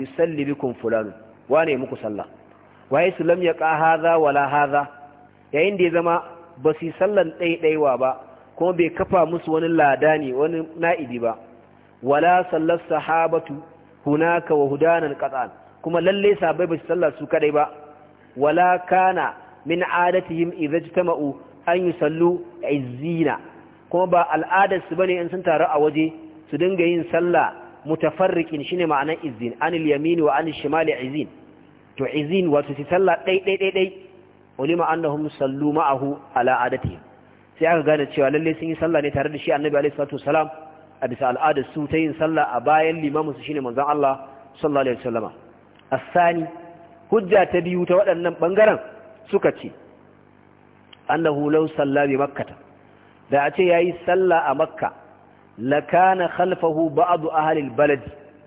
yusalli bikum fulanu wane muku sallah waye su lam yaqa wala hadha yayin da ya zama ba su sallan ɗaiɗaiwa ba kuma bai kafa musu wani ladani wani na'ibi ba wala sallar sahabatu hunaka wa hudanan qatan kuma lallai sahabbai ba su sallah su kadai ba wala kana min adatihim idza jama'u an yusallu izzina kuma ba al'adar su bane in sun taru a waje su dinga yin sallah mutafarriqin shine ma'anar izin anil yamini wa anil shimali izin to izin wato su sallah dai dai dai dai ulima annahum sallu ma'ahu ala adati sai aka gane cewa lalle sun yi sallah ne tare da shi annabi alaihi salatu wasalam a bisa al'adar su ta yin sallah a bayan limamin su shine manzon Allah sallallahu alaihi wasallama asani hujja ta biyu ta waɗannan bangaren suka ce annahu law salla Makkata. da a ce yayi sallah a makka lakana khalfahu ba'du ahli albalad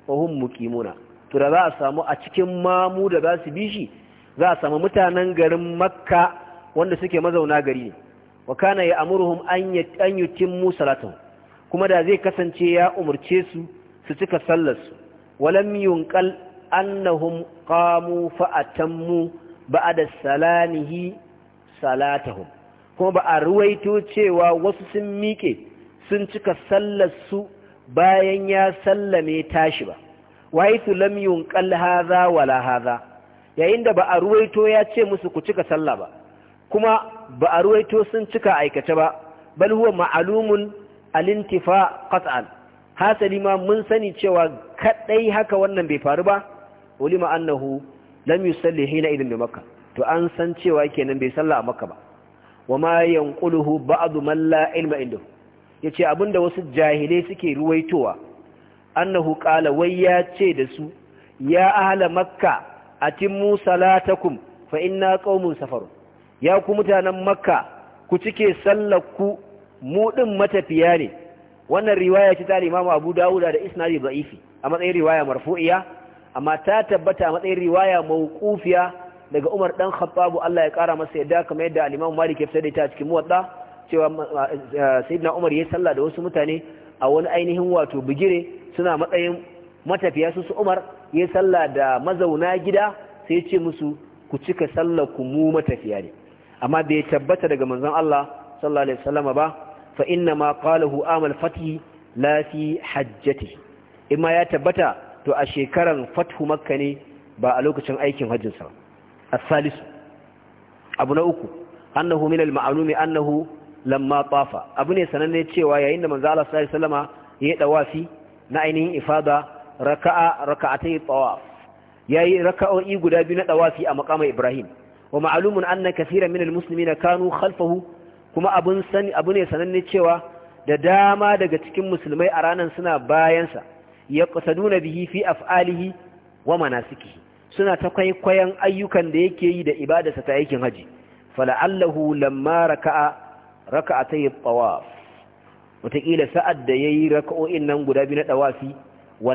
wa hum muqimuna to da za a samu a cikin mamu da za su bi shi za a samu mutanen garin makka wanda suke mazauna gari ne wa kana ya amuruhum an an yutimmu salatuhum kuma da zai kasance ya umurce su su cika sallar su walam yunqal annahum qamu fa atammu ba'da salanihi salatahum kuma ba a ruwaito cewa wasu sun miƙe sun cika sallar su bayan ya sallame tashi ba waitu lam yunqal hadha wala hadha yayin da ba a ruwaito ya ce musu ku cika sallah ba kuma ba a ruwaito sun cika aikace ba bal huwa ma'lumun al-intifa qat'an hasali ma mun sani cewa kadai haka wannan bai faru ba ulima annahu lam yusalli hina idin bi makka to an san cewa kenan bai sallah a makka ba Wa ma yanquluhu ba'd man la ilma indahu ya yace abinda wasu jahilai suke ruwaitowa annahu qala wai ya ce da su ya ahla makka atimmu salatakum fa inna qaumun safar. ya ku mutanen makka ku cike sallar matafiya ne wannan riwaya ce ta Imam Abu dauda da isnadi da'ifi a matsayin riwaya marfu'iya amma ta tabbata a matsayin riwaya mawqufiya daga Umar dan Khattab Allah ya kara masa yadda kamar yadda al-Imam Malik ya fada ta cikin muwatta cewa eh, sayyidina umar ya sallah da wasu mutane a wani ainihin wato bigire suna matsayin matafiya su su umar ya sallah da mazauna gida sai ce musu ku cika sallah ku mu matafiya ne amma bai tabbata daga manzon Allah sallallahu alaihi wasallam ba fa inna ma qalahu amal fathi la fi hajjati imma ya tabbata to a shekarar fathu makka ne ba a lokacin aikin hajjinsa ba as-salisu abu na uku annahu min al-ma'lumi annahu lamma tafa abu ne sananne cewa yayin da manzo Allah sallallahu alaihi wasallama yayi dawafi na ainihin ifada raka'a raka'atay tawaf yayi raka'o'i guda biyu na dawafi a maqama Ibrahim wa ma'lumun anna kaseeran min almuslimina kanu khalfahu kuma abun sani abu ne sananne cewa da dama daga cikin musulmai a ranan suna bayan bayansa yaqsaduna bihi fi af'alihi wa manasikihi suna ta kwaikwayon ayyukan da yake yi da ibadarsa ta aikin haji fala'allahu lamma raka'a Raka a at-tawaf wataƙila sa'ad da ya yayi raka'o'in nan guda biyu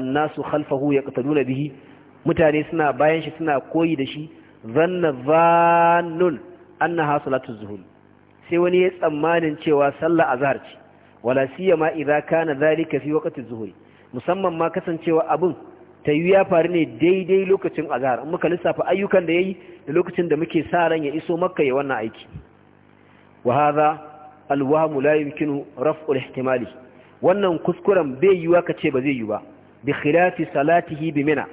na su halfahu ya khalfahu nuna bihi mutane suna bayan shi suna koyi da shi zanna dhannun annaha salatu zuhur sai wani ya tsammanin cewa sallah azahar ce wala siya ma idza kana dhalika fi waqti zuhur musamman ma kasancewa abun tayu ya faru ne daidai lokacin azhar muka lissafa ayyukan da yayi da lokacin da muke sa ran ya iso makka ya wannan aiki wa Alwamu layukinu yumkinu raf'ul ihtimali wannan kuskuren bai yiwa kace ba zai yi ba bi khilafi salatihi bi mina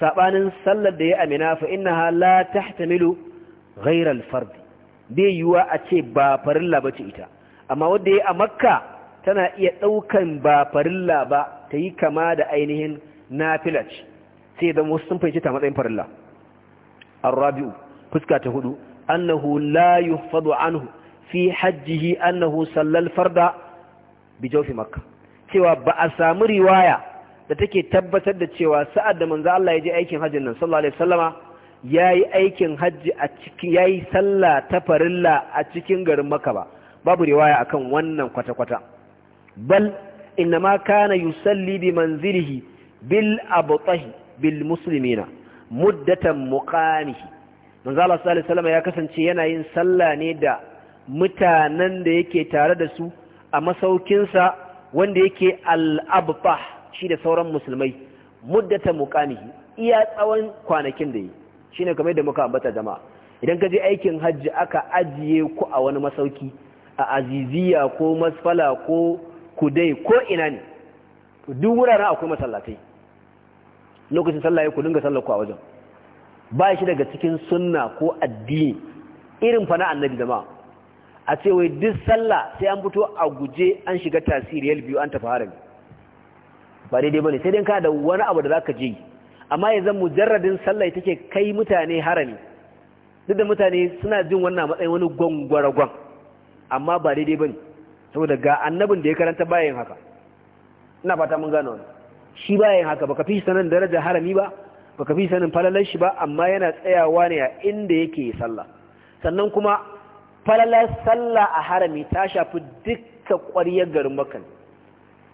sabanin sallar da ya amina fa innaha la tahtamilu ghayra al-fard bai yiwa a ce ba farilla ba bace ita amma wanda ya a makka tana iya daukan ba farilla ba ta yi kama da ainihin nafilac sai da wasu sun fahimci ta matsayin farilla ar-rabi'u fuska ta hudu annahu la yuhfadu anhu fi hajjihi annahu sallal farda bi jawfi makka cewa ba a samu riwaya da take tabbatar da cewa sa'ad da manzo Allah ya je aikin hajjin nan sallallahu alaihi wasallama yayi aikin hajji a cikin yayi sallah ta farilla a cikin garin makka ba babu riwaya akan wannan kwata kwata bal innama kana yusalli bi manzilihi bil abtahi bil muslimina muddatan muqamihi manzo Allah sallallahu alaihi wasallama ya kasance yana yin sallah ne da mutanen da yake tare da su a masaukinsa wanda yake al'abba shi da sauran musulmai muddata muƙamihi iya tsawon kwanakin da yi shi ne kamar da muka ambata jama'a idan ka je aikin hajji aka ajiye ku a wani masauki a aziziya ko masfala ko kudai ko ina ne duk wuraren akwai masallatai lokacin sallaye ku dinga sallar ku a wajen ba shi daga cikin sunna ko addini irin fa na annabi jama'a a ce wai duk sallah sai an fito a guje an shiga tasiriyar biyu an tafi harami ba daidai bane sai dai ka da wani abu da ka je amma ya zan mujarradin sallah ita ce kai mutane harami duk da mutane suna jin wannan matsayin wani gwangwaragwan amma ba daidai bane saboda ga annabin da ya karanta bayan haka ina fata mun gano wani shi bayan haka baka fi sanin daraja harami ba baka fi sanin falalar shi ba amma yana tsayawa ne a inda yake sallah sannan kuma falalar sallah a harami ta shafi dukkan ƙwariyar garin makan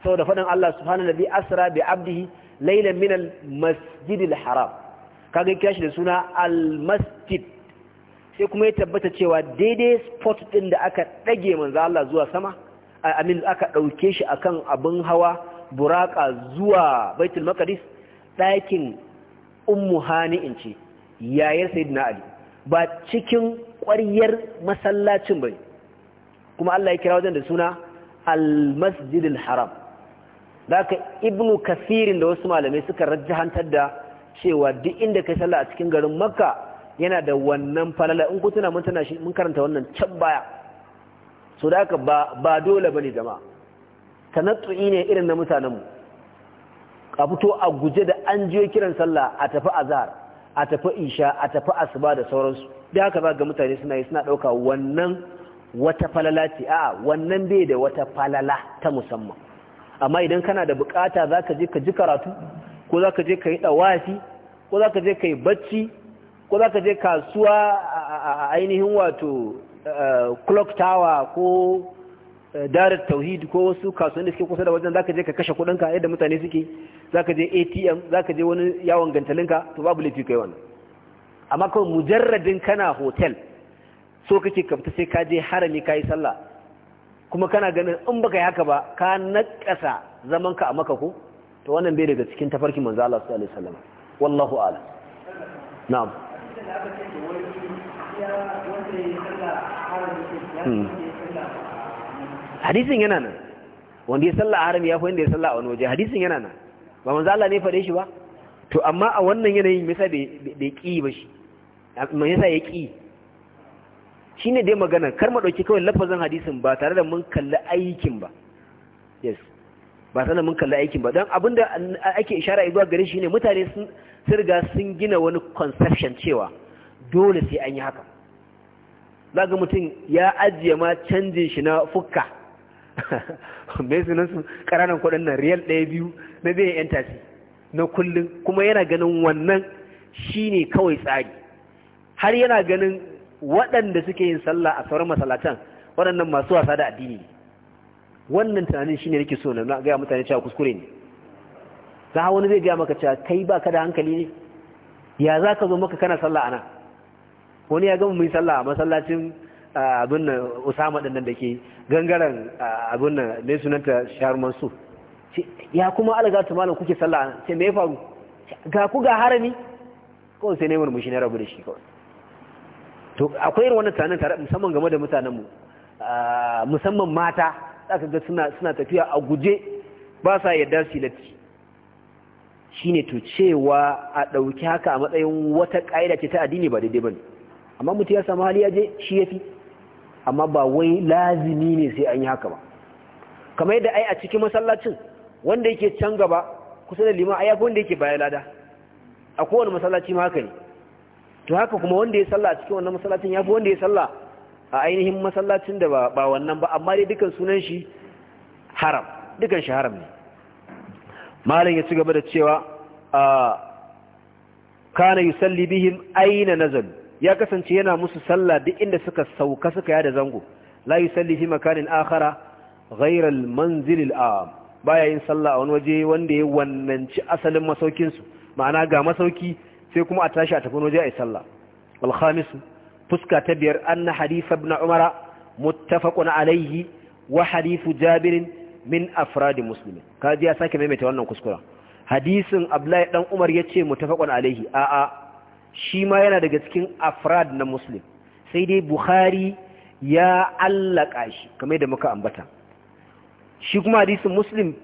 saboda faɗin Allah subhanahu nabi asra bi abdihi laylan min al haram kaga kira da suna al masjid sai kuma ya tabbata cewa daidai spot ɗin da aka dage manzo Allah zuwa sama amin aka ɗauke shi akan abin hawa buraka zuwa baitul maqdis ɗakin ummu in ce yayar sayyidina ali ba cikin Ƙwariyar masallacin bai kuma Allah ya kira wajen da suna al-masjidil haram da ka ibnu kafirin da wasu malamai suka rajjahantar da cewa duk inda kai sallah a cikin garin makka yana da wannan falala in ku tuna mun tana shi mun karanta wannan can baya so da ka ba ba dole bane jama'a tanattu'i ne irin na mutanen mu a fito a guje da an jiyo kiran sallah a tafi azhar a tafi isha a tafi asuba da sauransu da haka za ga mutane suna yi suna ɗauka wannan wata falala ce a wannan bai da wata falala ta musamman amma idan kana da bukata za ka je ka ji karatu ko za ka je ka yi ɗawafi ko za ka je ka yi bacci ko za ka je kasuwa a ainihin wato eh, clock tower ko eh, darar tauhid ko wasu da suke kusa da wajen za ka je ka kashe kudinka yadda mutane suke za ka je atm za ka je wani yawon gantalinka to babu laifi kai wannan amma kawai mujarradin kana hotel so kake kafta sai ka je harami ka yi sallah kuma kana ganin in baka yi haka ba ka nakasa ka a maka ko to wannan bai daga cikin tafarkin manzo Allah sallallahu alaihi wasallam wallahu a'lam na'am hmm. hadisin yana nan wanda ya sallah harami ya fi wanda ya sallah a wani waje hadisin yana nan ba manzo Allah ne fade shi ba to amma a wannan yanayin misa yasa bai bai ki ba shi Mai yasa ya ƙi shi ne dai magana kar ma ɗauki kawai lafazin hadisin ba tare da mun kalli aikin ba yes ba tare da mun kalli aikin ba don abinda ake ishara zuwa gare shi ne mutane sun riga sun gina wani conception cewa dole sai an yi haka za ga mutum ya ajiye ma canjin shi na fuka. mai su ƙananan kuɗin nan riyal ɗaya biyu na biyan yanta na kullum kuma yana ganin wannan shi ne kawai tsari har yana ganin waɗanda suke yin sallah a sauran masalatan waɗannan masu wasa da addini wannan tunanin shine nake so na gaya mutane cewa kuskure ne za wani zai gaya maka cewa kai ba ka da hankali ne ya za ka zo maka kana sallah ana wani ya gama mai sallah a masallacin abin nan usama ɗin nan da ke gangaren abin nan mai sunanta shahar mansur ya kuma alaga ta malam kuke sallah sai me ya faru ga ku ga harami kawai sai ne murmushi na rabu da shi kawai to akwai irin wannan tunanin tare musamman game da mutanenmu ah, musamman mata zaka ga suna suna tafiya a guje ba sa yarda su latti shine to cewa a ɗauki haka a matsayin wata kaida ce ta addini ba daidai bane amma mutum ya samu hali ya je shi yafi amma ba wai lazimi ne sai an yi haka ba kamar yadda ai a cikin masallacin wanda yake can gaba kusa da liman ai wanda yake baya lada a kowane masallaci ma haka ne to haka kuma wanda ya sallah a cikin wannan masallacin yafi wanda ya sallah a ainihin masallacin da ba wannan ba amma dai dukan sunan shi haram dukan shi haram ne malam ya ci gaba da cewa kana yusalli bihim aina nazal ya kasance yana musu sallah duk inda suka sauka suka yada zango la yusalli fi makanin akhara ghayra al-manzil al-am baya yin sallah a wani waje wanda ya wannanci asalin masaukin su ma'ana ga masauki sai kuma a tashi a tafi waje a yi sallah khamis fuska ta biyar anna na ibn umara muttafaqun alaihi wa hadifu jabirin min afradi muslimin kaji ya sake maimaita wannan kuskura hadisin abdullahi dan umar yace muttafaqun alaihi a a shi ma yana daga cikin afrad na muslim sai dai bukhari ya allaka shi kamar da muka ambata shi kuma hadisin muslim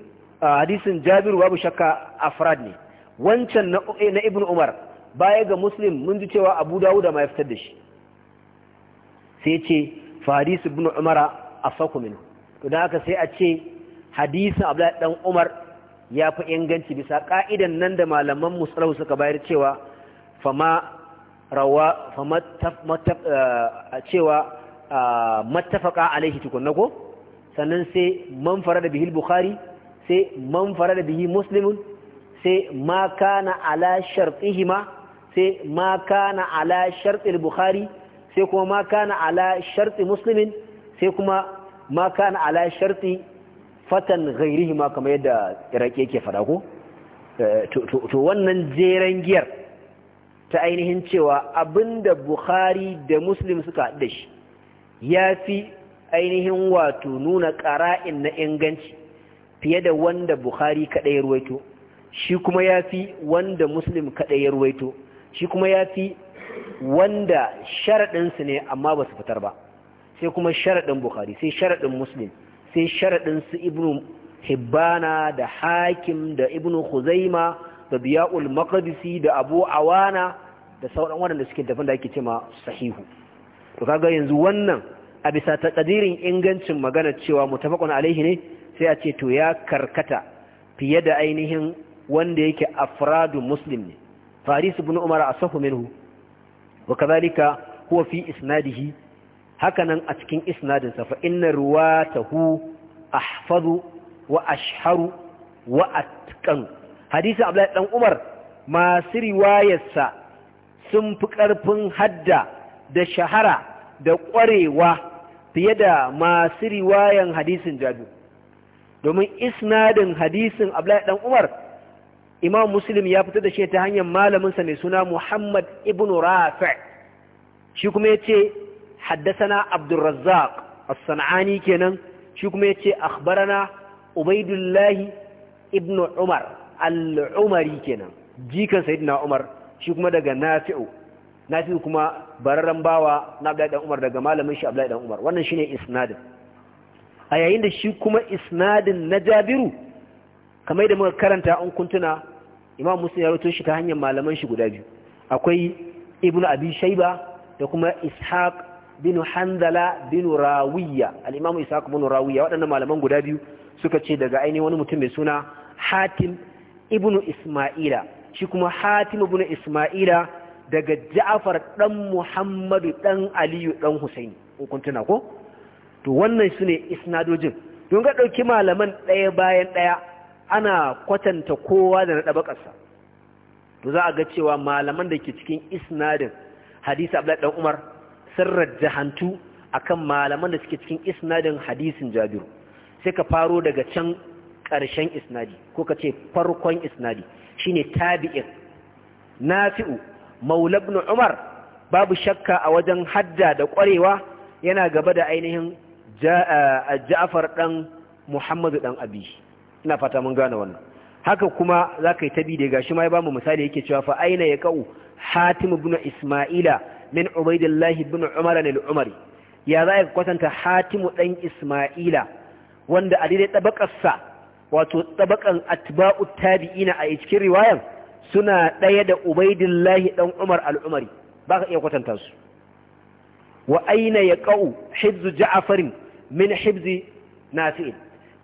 hadisin jabiru babu shakka afrad ne wancan na ibn umar baya ga muslim mun ji cewa abu dawo da ya fitar da shi sai ce farisu bin umara a min to da haka sai a ce hadisin abu dan umar ya fi inganci bisa ka'idan nan da malaman musulau suka bayar cewa fama rawa fama eh, cewa eh, matafaka alaihi na ko sannan sai man fara da bihil bukhari sai man fara da bihi muslimun sai ma kana ala shartihima sai ma kana ala shartil bukhari sai kuma ma kana ala sharti musulmin sai kuma ma kana ala sharti fatan ghairihi ma kamar yadda iraki yake fada ko eh, to wannan jeren giyar ta ainihin cewa abinda bukhari da muslim suka da shi ya fi ainihin wato nuna ƙara'in na inganci fiye da wanda bukhari kaɗai ruwaito shi kuma ya fi wanda muslim kaɗai ruwaito shi kuma ya fi wanda sharaɗinsu ne amma ba su fitar ba sai kuma sharaɗin bukhari sai sharaɗin muslim sai sharaɗinsu Ibn hibbana da hakim da Ibn huzaima da biya'ul maqdisi da abu awana da sauran waɗanda suke tafin da ake cema sahihu to kaga yanzu wannan a bisa ta takadirin ingancin magana cewa mu mutafaqun alaihi ne sai a ce to ya karkata fiye da ainihin wanda yake afradu muslim ne فحديث ابن عمر أصح منه وكذلك هو في إسناده هكذا أتكين إسناد ruwa رواته أحفظ وأشهر وأتكن حديث عبد الله بن عمر ما سري وايسا sun fi ƙarfin hadda da shahara da ƙwarewa fiye da masu riwayan hadisin jabi domin isnadin hadisin abdullahi ɗan umar imam muslim ya fitar da shi ta hanyar malaminsa mai suna muhammad ibn rafi shi kuma ya ce haddasana abdulrazzaq as-san'ani kenan shi kuma ya ce akhbarana ubaidullahi ibn umar al-umari kenan jikan sayyidina umar shi kuma daga nafi'u nafi'u kuma bararren bawa na abdullahi dan umar daga malamin shi abdullahi dan umar wannan shine isnadin a yayin da shi kuma isnadin na jabiru kamar da muka karanta an kuntuna imam muslim ya rawaito shi ta hanyar malaman shi guda biyu akwai Ibn abi shaiba da kuma ishaq bin handala bin rawiya al-imam ishaq bin rawiya waɗannan malaman guda biyu suka ce daga ainihin wani mutum mai suna hatim Ibn isma'ila shi kuma hatim ibn isma'ila daga ja'afar ɗan muhammadu ɗan aliyu dan husaini hukuntuna ko to wannan su ne isnadojin don ga ɗauki malaman ɗaya bayan ɗaya ana kwatanta kowa da na ɗabaƙarsa to za a ga cewa malaman da ke cikin isnadin hadisi abu ɗan umar sun jahantu a kan malaman da suke cikin isnadin hadisin jabiru sai ka faro daga can ƙarshen isnadi ko ka ce farkon isnadi shi ne tabi'in na fi'u, maulabnu umar babu shakka a wajen hadda da ƙwarewa yana gaba da ainihin ja'afar eh, ɗan muhammadu ɗan abishi ina fata mun gane wannan haka kuma za ka yi tabi da gashi ma ya bamu misali yake cewa fa aina ya ka'u hatim ibn isma'ila min ubaidillahi ibn umar al umari ya za ka kwatanta hatimu dan isma'ila wanda a daidai tabakarsa wato tabakan atba'u tabi'ina a cikin riwayan suna ɗaya da ubaidillahi dan umar al umari ba ka iya kwatanta su wa aina ya ka'u hibzu ja'farin min hibzi nafi'in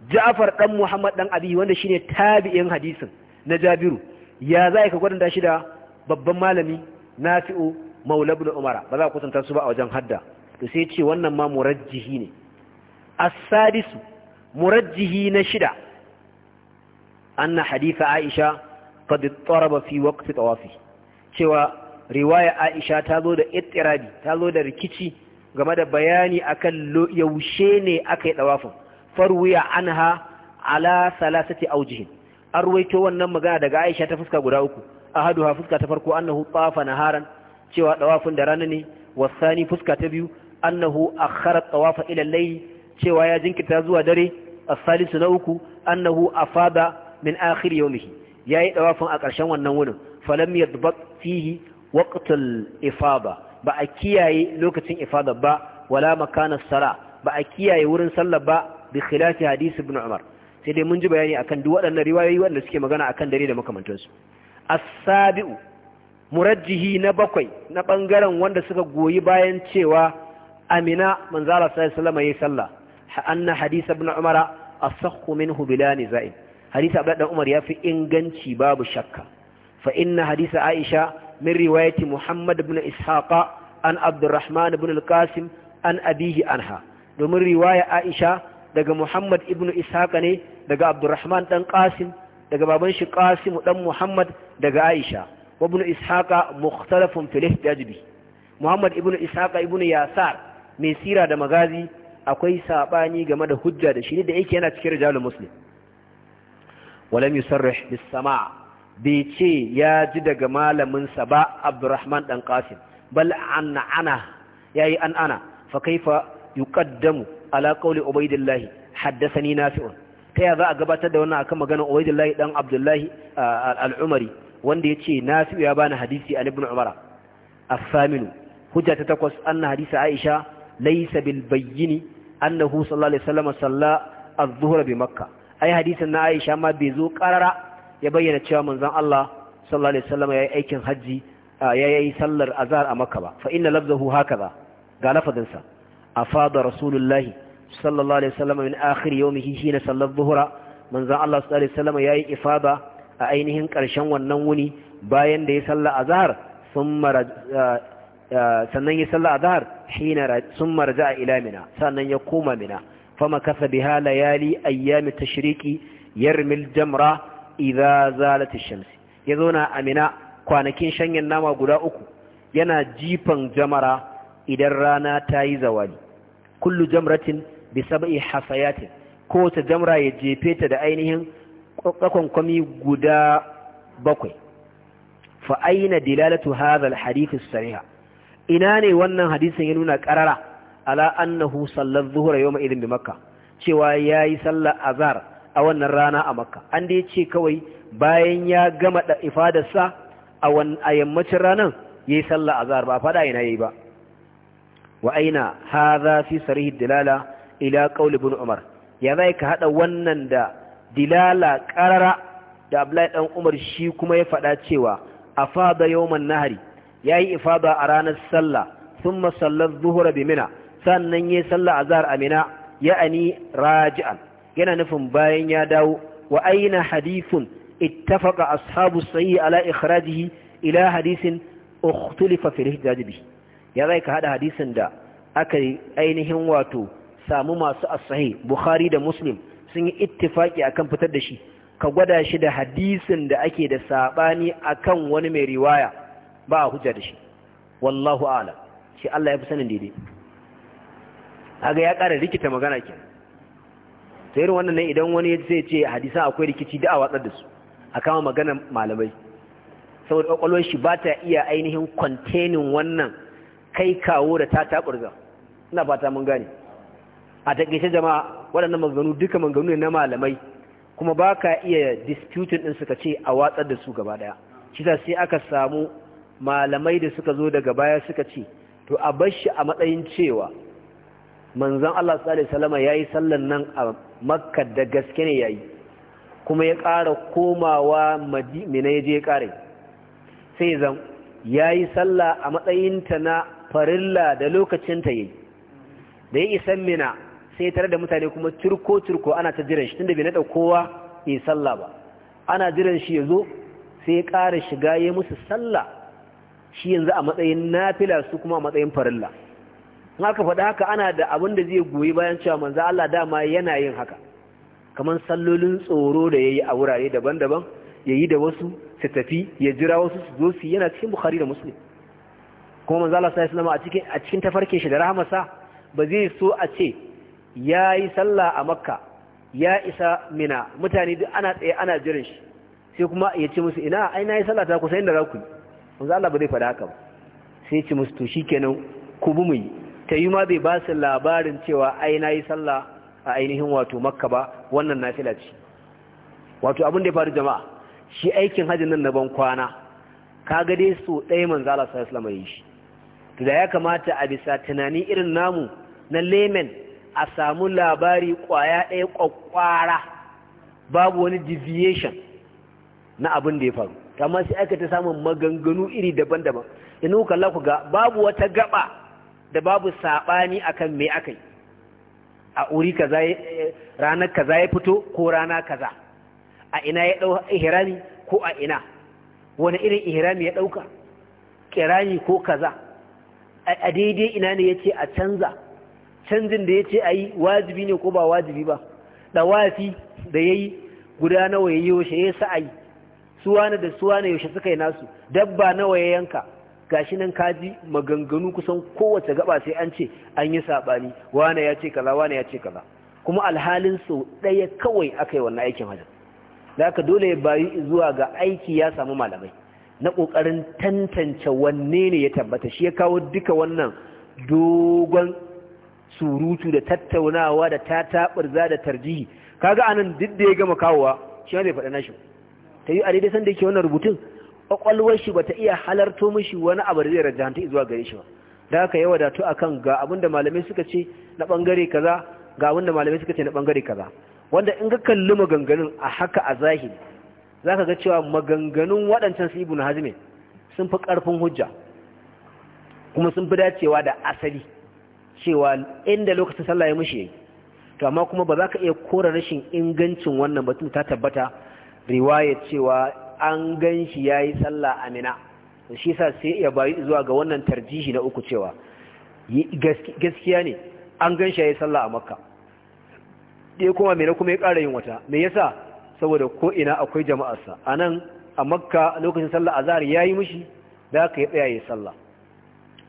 Ja'far dan Muhammad Ɗan Abi wanda shi ne tabi'in hadisin na Jabiru ya zai ka gwada shi da babban malami Nafi'u Maula ibn Umar ba za ku kusanta su ba a wajen hadda to sai ce wannan ma murajjihi ne as-sadisu murajjihi na shida anna hadisa Aisha qad taraba fi waqti tawafi cewa riwaya Aisha ta zo da ittirabi ta zo da rikici game da bayani akan yaushe ne aka yi tawafin farwiya anha ala salasati aujihin an ruwaito wannan magana daga aisha ta fuska guda uku ahaduha fuska ta farko annahu tafa naharan cewa dawafin da rana ne wasani fuska ta biyu annahu akhara tawafa ila layl cewa ya jinkirta zuwa dare asalisu salisu na uku annahu afada min akhir yawmihi yayi dawafin a ƙarshen wannan wurin falam yadbat fihi waqtul ifada ba a kiyaye lokacin ifada ba wala makana sala ba a kiyaye wurin sallah ba bi khilafi hadis ibn umar sai dai mun ji bayani akan duk waɗannan riwayoyi waɗanda suke magana akan dare da makamantansu as-sabi'u murajjihi na bakwai na bangaren wanda suka goyi bayan cewa amina manzo Allah sallallahu alaihi wasallam yayi sallah anna hadis ibn umar asahhu minhu bila niza'in hadisi abdullah umar yafi inganci babu shakka fa inna hadis aisha min riwayati muhammad ibn ishaqa an abdurrahman ibn al-qasim an abihi anha domin riwaya aisha daga Muhammad ibn Ishaq ne daga Abdurrahman dan Qasim daga baban shi Qasim dan Muhammad daga Aisha wa ibn Ishaq mukhtalafun fil ihtijabi Muhammad ibn Ishaq ibn Yasar mai sira da magazi akwai sabani game da hujja da shi da yake yana cikin rijalul muslim walam yusarrih bis sama' bai ce ya ji daga malaminsa ba Abdurrahman dan Qasim bal an'ana yayi an'ana fa kaifa yuqaddamu ala qawli ubaydillah haddathani nafi'un ta ya za a gabatar da wannan ka magana ubaydillah dan abdullahi al-umari wanda ce nafi'u ya bani hadisi an ibn umara as-saminu hujja ta takwas anna hadisi aisha laysa bil bayyini annahu sallallahu alaihi wasallam salla az-zuhra bi makkah ai hadisin na aisha ma bai zo karara ya bayyana cewa manzon Allah sallallahu alaihi wasallam yayi aikin haji yayi sallar azhar a makka ba fa inna lafzahu hakaza ga lafazin sa afada rasulullahi sallallahu alaihi wasallam min akhir yawmihi hina sallar dhuhra manzo Allah sallallahu alaihi wasallam yayi ifada a ainihin ƙarshen wannan wuni bayan da ya salla azhar thumma sannan ya salla azhar hina thumma raja'a ila mina sannan ya koma mina fama kasa biha layali ayyami tashriki yarmil jamra idza zalat ash-shams ya zauna a Minna kwanakin shanyen nama guda uku yana jifan jamara idan rana ta yi zawali kullu jamratin bi sab'i hasayatin kowace jamra ya jefe ta da ainihin kwami guda bakwai fa aina dilalatu hadha alhadith as-sariha ina ne wannan hadisin ya nuna karara ala annahu sallal zuhra yawma idin bi makkah cewa yayi sallar azhar a wannan rana a makka an da ce kawai bayan ya gama da ifadarsa a yammacin ranar yayi sallar azhar ba fada ina yayi ba wa'aina aina hadha fi sarih dilala ila qaul umar ya zai ka hada wannan da dilala qarara da abdullahi dan umar shi kuma ya fada cewa afada yawman nahari yayi ifada a ranar sallah thumma sallar zuhura bi minna sannan ya sallah azar a mina ya'ani raji'an yana nufin bayan ya dawo wa'aina aina hadithun ittafaqa ashabu sayyi ala ikhrajihi ila hadisin ukhtulifa fi ihtijajihi ya zai ka hada hadisin da aka yi ainihin wato samu masu asahi bukhari da muslim sun yi ittifaki akan fitar da shi ka gwada shi da hadisin da ake da sabani akan wani mai riwaya ba a hujja da shi wallahu a'lam shi Allah ya fi sanin daidai aga ya ƙara rikita magana ke ta irin wannan ne idan wani zai ce hadisan akwai rikici da a watsar da su a kama maganar malamai saboda ƙwaƙwalwar shi ba ta iya ainihin kwantenin wannan kai kawo da ta taɓurza ina fata mun gane a taƙaice jama'a waɗannan maganganu duka maganganu ne na malamai kuma ba ka iya disputin ɗin suka ce a watsar da su gaba ɗaya shi ta sai aka samu malamai da suka zo daga baya suka ce to a bar shi a matsayin cewa manzon Allah sallallahu alaihi wasallam yayi sallan nan a Makka da gaske ne yayi kuma ya ƙara komawa Madina ya je ya ƙare sai zan yayi sallah a matsayin ta na farilla da lokacin ta yayi da ya isan mina sai tare da mutane kuma turko turko ana ta jiran shi tunda bai nada kowa yi sallah ba ana jiran shi yazo sai ya ƙara shiga ya musu sallah shi yanzu a matsayin nafila su kuma a matsayin farilla in aka faɗi haka ana da abin da zai goyi bayan cewa manza Allah dama yana yin haka kamar sallolin tsoro da yayi a wurare daban-daban yayi da wasu su tafi ya jira wasu su zo su yana cikin Bukhari da Muslim kuma manzo Allah sallallahu a cikin tafarkin shi da rahamarsa ba zai so a ce yayi sallah a Makka ya isa Mina mutane duk ana tsaye ana jirin shi sai kuma ya ce musu ina ai nayi sallah ta kusa inda za ku yi manzo Allah ba zai faɗa haka ba sai ya ce musu to shikenan ku bi mu yi ta yi ma bai ba su labarin cewa ai nayi sallah a ainihin wato Makka ba wannan nafila ce wato abin da ya faru jama'a shi aikin hajjin nan na ban kwana kaga dai so ɗaya manzo Allah sallallahu alaihi wasallam ya yi shi to da ya kamata a bisa tunani irin namu na lemen a samu labari kwaya ɗaya ƙwaƙwara. babu wani deviation na abin da ya faru amma sai aka ta samun maganganu iri daban-daban Inu kalla ku ga babu wata gaba da babu saɓani akan me akai a uri kaza ranar kaza ya fito ko rana kaza a ina ya ɗau ihirami ko a ina wani irin ihirami ya ɗauka kirani ko kaza a daidai ina ne ya ce a canza canjin da ya ce a yi wajibi ne ko ba wajibi ba ɗawafi da ya yi guda nawa ya yi yaushe ya sa'ayi suwana da suwana yaushe suka yi nasu dabba nawa ya yanka gashi nan kaji maganganu kusan kowace gaba sai an ce an yi saɓani wane ya ce kaza wane ya ce kaza kuma alhalin sau ɗaya kawai aka yi wannan aikin hajji da haka dole ya bayu zuwa ga aiki ya samu malamai na ƙoƙarin tantance wanne ne ya tabbata shi ya kawo duka wannan dogon surutu da tattaunawa da ta za da tarjihi kaga anan duk da ya gama kawowa shi ma zai faɗa nashi ta yi a sanda yake wannan rubutun ƙwaƙwalwar shi ba ta iya halarto mishi wani abu da zai rajahanta zuwa gare shi ba da haka ya wadatu akan ga abin da malamai suka ce na ɓangare kaza ga abin da malamai suka ce na ɓangare kaza wanda in ka kalli maganganun a haka a zahiri za ka ga cewa maganganun waɗancan su na hazmin sun fi ƙarfin hujja kuma sun fi dacewa da asali cewa inda lokacin sallah ya mushi to amma kuma ba za ka iya kora rashin ingancin wannan batun ta tabbata riwaya cewa an gan shi ya yi sallah amina shi sa sai ya bayi zuwa ga wannan tarjihi na uku cewa gaskiya ne an gan shi ya yi sallah a makka Ɗaya kuma me na kuma ya ƙara yin wata me yasa saboda ko ina akwai jama'arsa a nan a makka lokacin sallah a azhar ya yi mishi da aka yi tsaya ya sallah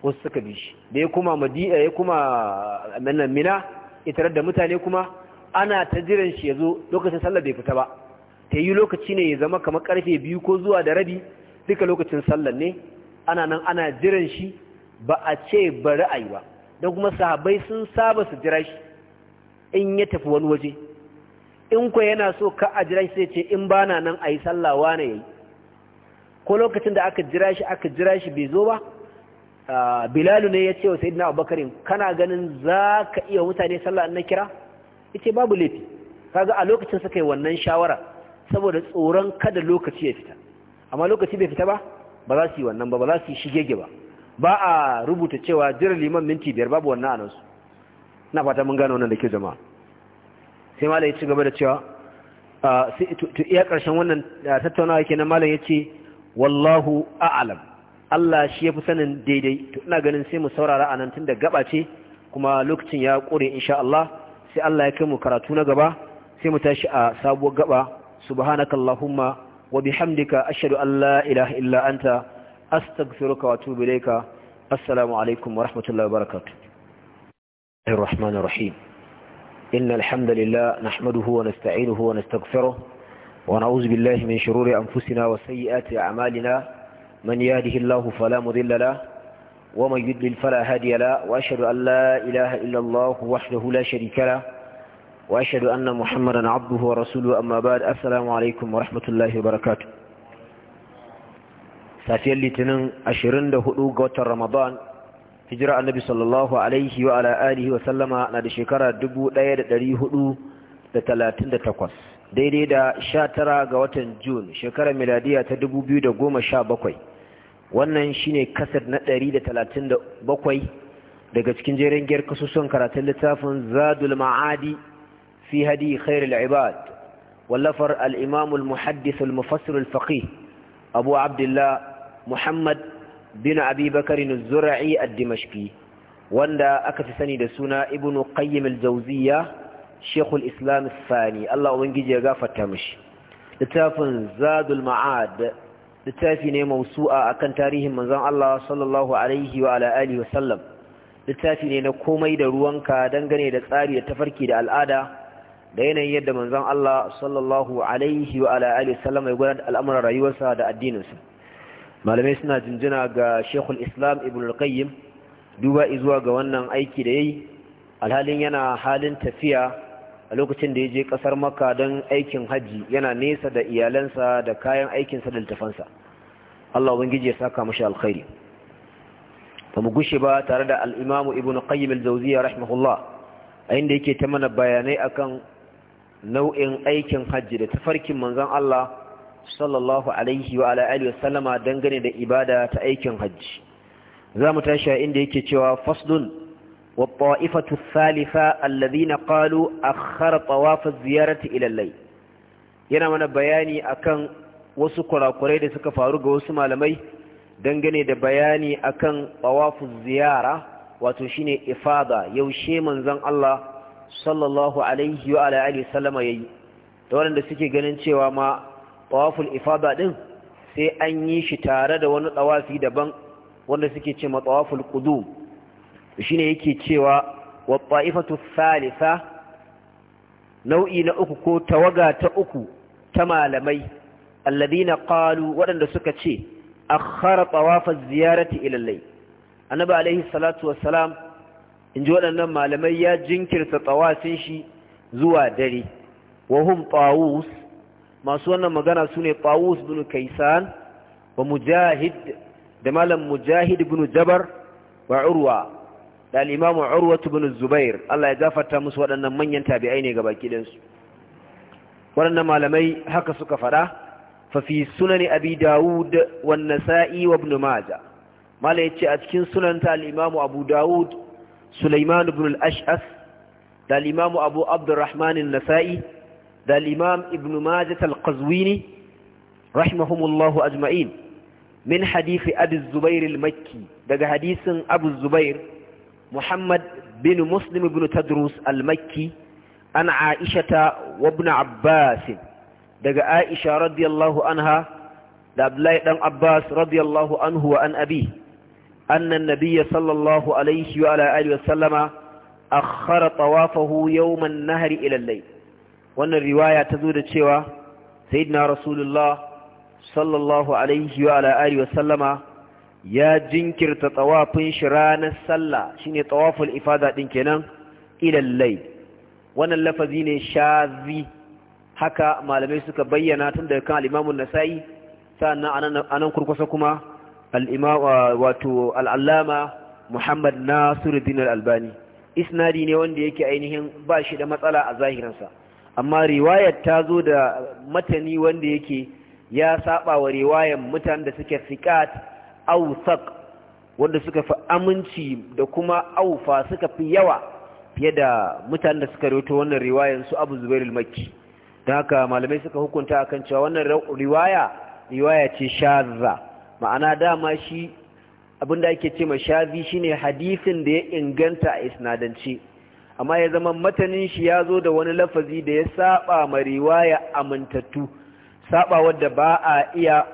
wasu suka bi shi da ya kuma madi'a ya kuma Mena mina itarar da mutane kuma ana ta jiran shi ya zo lokacin sallah bai fita ba ta yi lokaci ne ya zama kamar karfe biyu ko zuwa da rabi duka lokacin sallah ne ana nan ana jiran shi ba a ce bari a yi ba don kuma sahabai sun saba su jira shi in ya tafi wani waje in ku yana so ka a jira shi sai ce in ba na nan a yi sallah ne ya yi ko lokacin da aka jira shi aka jira shi bai zo ba bilalu ne ya ce wa sayidina abubakarin kana ganin za ka iya mutane sallah na kira ce babu laifi kaga a lokacin suka yi wannan shawara saboda tsoron kada lokaci ya fita amma lokaci bai fita ba ba za su yi wannan ba ba za su yi shige-shige ba ba a rubuta cewa jiran liman minti biyar babu wannan anansu na fata mun gano nan da ke jama'a sai malam ya ci gaba da cewa ah, to iya ƙarshen wannan ah, tattaunawa kenan malam ya ce wallahu a'lam Allah shi ya fi sanin daidai to ina ganin sai mu saurara a nan tun da gaba ce kuma lokacin ya ƙure insha Allah sai Allah ya kai mu karatu na gaba sai mu tashi a sabuwar gaba subhanakallahumma wa bihamdika ashhadu an la ilaha illa anta astaghfiruka wa atubu ilayka assalamu alaikum wa rahmatullahi wa barakatuh الرحمن الرحيم إن الحمد لله نحمده ونستعينه ونستغفره ونعوذ بالله من شرور أنفسنا وسيئات أعمالنا من يهده الله فلا مضل له ومن يضلل فلا هادي له وأشهد أن لا إله إلا الله وحده لا شريك له وأشهد أن محمدا عبده ورسوله أما بعد السلام عليكم ورحمة الله وبركاته safiyar litinin 24 ga watan ramadan hijira annabi sallallahu alaihi wa ala alihi wa sallama na da shekara 1438 daidai da 19 ga watan Jun shekarar miladiya ta da goma 2017 wannan shine kasar na da 137 daga cikin jerin giyar karatun littafin Zadul Ma'adi fi hadi khairul ibad wallafar al-imam al-muhaddith al Abu Abdullah Muhammad bin abi bakarin zura'i dimashqi wanda aka fi sani da suna ibn qayyim al-jawziyya shekul islam sani Allah ubangiji ya gafarta mishi littafin zadul ma'ad littafi ne mausu'a akan tarihin manzon Allah sallallahu alaihi wa ala alihi wa sallam littafi ne na komai da ruwanka dangane da tsari da tafarki da al'ada da yanayin yadda manzon Allah sallallahu alaihi wa ala alihi wa sallam ya gudanar al'amuran rayuwarsa da addininsa malamai suna jinjina ga shekul islam ibn al duba izuwa ga wannan aiki da ya yi alhalin yana halin tafiya a lokacin da ya je kasar makka don aikin hajji yana nesa da iyalansa da kayan aikinsa da littafansa allah ubangiji ya saka mashi alkhairi ba mu gushe ba tare da al'imamu ibn qayyim al rahimahullah a inda yake ta mana bayanai akan nau'in aikin hajji da tafarkin manzon allah sallallahu alaihi wa ala alihi wasallama dangane da ibada ta aikin hajji zamu tashi inda yake cewa faslun wa ta'ifatu thalitha alladhina qalu akhara tawaf az-ziyarati ila al-layl yana mana bayani akan wasu kurakurai da suka faru ga wasu malamai dangane da bayani akan tawafu ziyara wato shine ifada yaushe manzon Allah sallallahu alaihi wa ala alihi wasallama yayi da wanda suke ganin cewa ma tawaful ifada din sai an yi shi tare da wani tawafi daban wanda suke ce matawaful qudum shine yake cewa wa ta'ifatu thalitha nau'i na uku ko tawaga ta uku ta malamai alladina qalu waɗanda suka ce akhara tawafa ziyarati ila al annabi alaihi salatu wassalam inji waɗannan malamai ya jinkirta tawafin shi zuwa dare wa hum tawus masu wannan magana su ne tawus bin kaisan wa mujahid da malam mujahid bin jabar wa urwa da al'imamu urwatu bin zubair Allah ya gafarta musu waɗannan manyan tabi'ai ne ga baki ɗinsu waɗannan malamai haka suka faɗa fafi sunani abi dawud wa nasa'i wa ibn maja mala yace a cikin sunanta al abu dawud sulaiman ibn al-ash'as da al abu abdurrahman an-nasa'i da al ibn majah al-qazwini rahimahumullahu ajma'in min hadisi abi zubair al-makki daga hadisin abu zubair muhammad bin muslim ibn tadrus al-makki an aishata wa ibn abbas daga aisha radiyallahu anha da abdullahi dan abbas radiyallahu anhu wa an abi أن النبي صلى الله عليه وعلى آله وسلم أخر طوافه يوم النهر إلى الليل wannan riwaya ta zo da cewa sayyidina rasulullah sallallahu alaihi wa alihi wa sallama ya jinkirta tawafin shi ranar sallah shine tawaful ifada din kenan ilal wannan lafazi ne shazi haka malamai suka bayyana tun daga kan al-imamu nasai sannan anan kurkusa kuma al-imam uh, wato al-allama muhammad nasiruddin al-albani isnadi ne wanda yake ainihin ba shi da matsala a zahirinsa amma riwayar ta zo da matani wanda yake ya saba wa riwayar mutanen da suke fiqat aw saq wanda suka fi aminci da kuma aufa suka fi yawa fiye da mutanen da suka rawaito wannan riwayar su Abu Zubair al-Makki dan haka malamai suka hukunta akan cewa wannan riwaya riwaya ce shazza ma'ana dama shi abinda ake ce ma shazi shine hadisin da ya inganta a isnadance amma ya zama matanin shi ya zo da wani lafazi da ya saba ma riwaya amintattu saba wadda ba a iya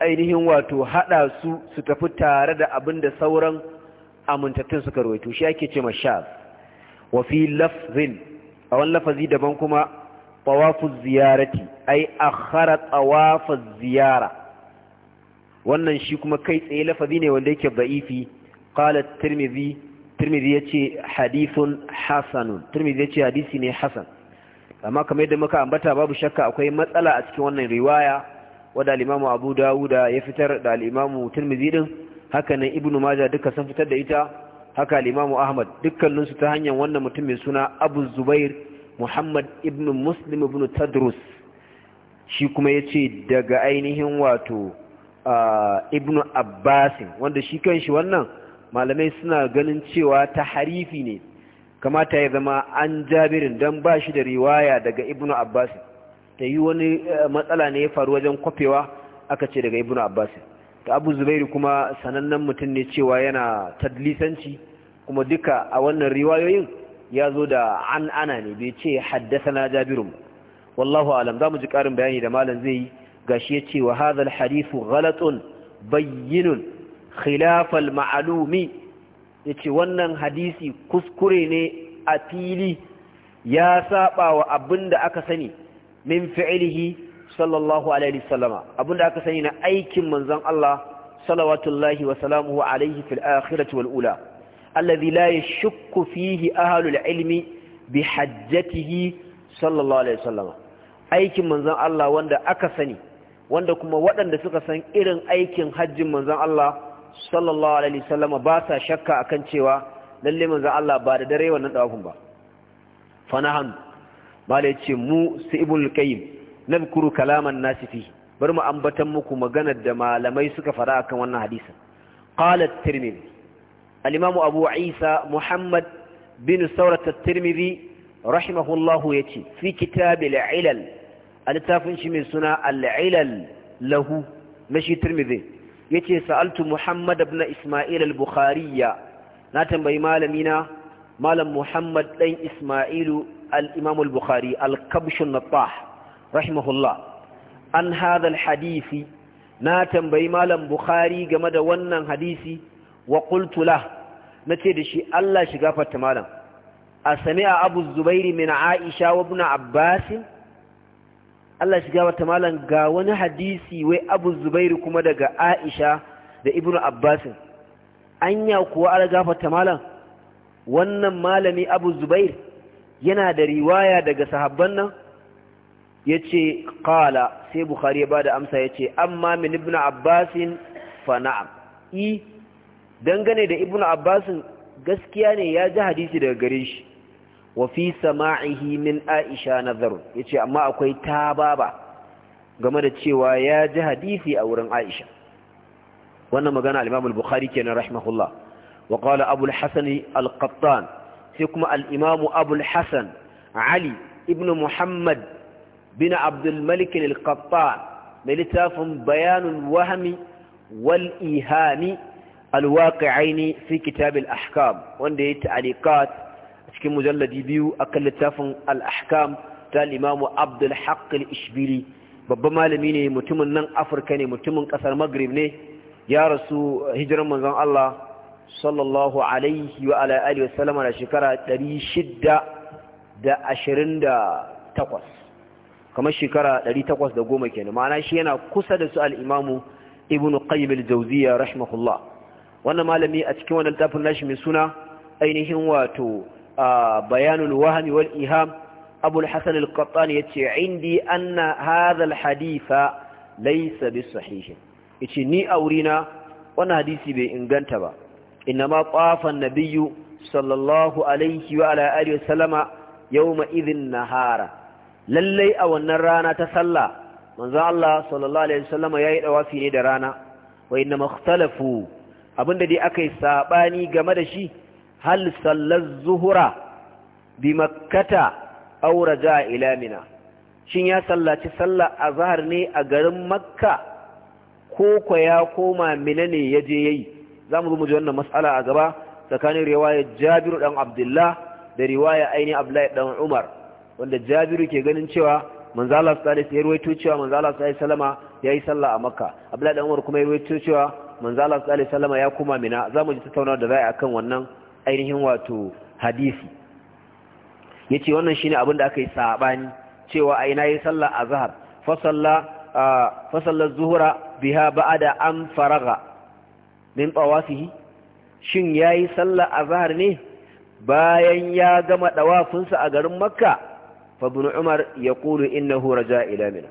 ainihin wato hada su su tafi tare da abinda sauran amintattun suka rawaito shi ake ce mashaz wa fi lafzin a wani lafazi daban kuma tawafu ziyarati ai akhara tawafu ziyara wannan shi kuma kai tsaye lafazi ne wanda yake ba'ifi qala at-tirmidhi tirmidhi ya ce hadithun hasanun tirmidhi ya ce hadisi ne hasan amma kamar yadda muka ambata babu shakka akwai matsala a cikin wannan riwaya wadda al'imamu abu dawuda ya fitar da al'imamu tirmidhi din haka nan ibnu maja duka sun fitar da ita haka al'imamu ahmad dukkaninsu ta hanyar wannan mutum mai suna abu zubair muhammad ibn muslim ibn tadrus shi kuma ya ce daga ainihin wato ibnu abbasin wanda shi kan shi wannan malamai suna ganin cewa ta harifi ne kamata ya zama an jabirin don ba shi da riwaya daga ibnu abbas ta yi wani eh, matsala ne ya faru wajen kwafewa aka ce daga ibnu abbas ta abu zubairu kuma sanannen mutum ne cewa yana tadlisanci kuma duka a wannan riwayoyin ya zo da an ana ne bai ce haddasa na jabirin wallahu alam za mu ji karin bayani da malam zai yi gashi ya ce wa hadal alhadithu ghalatun bayyinun khilafal ma'alumi ya wannan hadisi kuskure ne a fili ya saba wa abin da aka sani min fi'ilihi sallallahu alaihi sallama abin da aka sani na aikin manzon Allah salawatullahi wa salamuhu alaihi fil akhirati wal ula alladhi la yashukku fihi ahlul ilmi bi hajjatihi sallallahu alaihi sallama aikin manzon Allah wanda aka sani wanda kuma waɗanda suka san irin aikin hajjin manzon Allah sallallahu alaihi wasallam ba sa shakka akan cewa lalle manzan Allah ba da dare wannan dawafin ba fanahan ya ce mu sibul qayyim kuru kalaman nasi fi bar mu ambatan muku maganar da malamai suka fara akan wannan hadisan. qala tirmidhi al-imam abu isa muhammad bin saurat tirmidhi rahimahullahu yace fi kitab al-ilal al-tafin shi mai suna al-ilal lahu na shi tirmidhi yace sa'altu Muhammad ibn Isma'il al-Bukhariya na tambayi malamina malam Muhammad dan Isma'ilu al-Imam al-Bukhari al-Kabsh an-Nattah rahimahullah an hadisi na tambayi malam Bukhari game da wannan hadisi wa qultu na nace da shi Allah shiga fata malam a sami'a Abu Zubair min Aisha wa abbasin. Allah shiga wata malam ga wani hadisi wai Abu Zubairu kuma daga Aisha da Ibn Abbas anya kuwa an malam wannan malami Abu Zubair yana da riwaya daga sahabban nan yace qala sai Bukhari ya bada amsa yace amma min Ibn Abbas fa na'am i dangane da Ibn Abbas gaskiya ne ya ji hadisi daga gare shi wa sama'ihi min aisha nazarun yace amma akwai tababa game da cewa ya ji hadisi a wurin aisha wannan magana al-imam kenan rahimahullah wa qala abul al-hasan sai kuma al-imam abu ali ibn muhammad bin abd malik al mai littafin bayanul wahmi wal ihami al-waqi'aini fi kitabil ahkam wanda yayi ta'alikat cikin mujalladi biyu akan littafin al-ahkam ta limamu abdul haqqil ishbili babban malami ne mutumin nan afirka ne mutumin kasar maghrib ne ya rasu hijiran manzon Allah sallallahu alaihi wa ala alihi wa sallama da shekara 628 kamar shekara 810 kenan ma'ana shi yana kusa da su al-imamu ibn qayyim al-jawziyya rahimahullah wannan malami a cikin wannan littafin nashi mai suna ainihin wato bayanul wahmi wal iham abul hasan al-qattani yace indi anna hadha al-haditha laysa bisahih yace ni aurina wannan hadisi bai inganta ba inma qafa an-nabiyyu sallallahu alaihi wa ala alihi wa sallama yawma idhin nahara lallai a wannan rana ta sallah manzo Allah sallallahu alaihi wa sallama yayi dawafi ne da rana wa inna makhtalafu abinda dai akai sabani game da shi hal sallar zuhura bi makkata aura ja ila mina shin ya sallaci sallar azhar ne a garin makka ko ko ya koma mina ne ya je yayi za mu zo ji wannan mas'ala a gaba tsakanin riwaya jabiru dan abdullah da riwaya aini abdullahi dan umar wanda jabiru ke ganin cewa manzo Allah sallallahu alaihi wasallam cewa manzo Allah sallallahu alaihi ya yayi sallah a makka abdullahi dan umar kuma ya rawaito cewa manzo Allah sallallahu alaihi ya koma mina za mu ji tattaunawa da za a akan wannan ainihin wato hadisi Ya ce wannan shine ne da aka yi sabani cewa a ina yi sallah a zahar. fasallar Zuhura biya zuhra an faraga min yi shin ya yayi sallah zahar ne bayan ya gama ɗawafinsa a garin makka fa ya umar yaqulu hura raja ila mina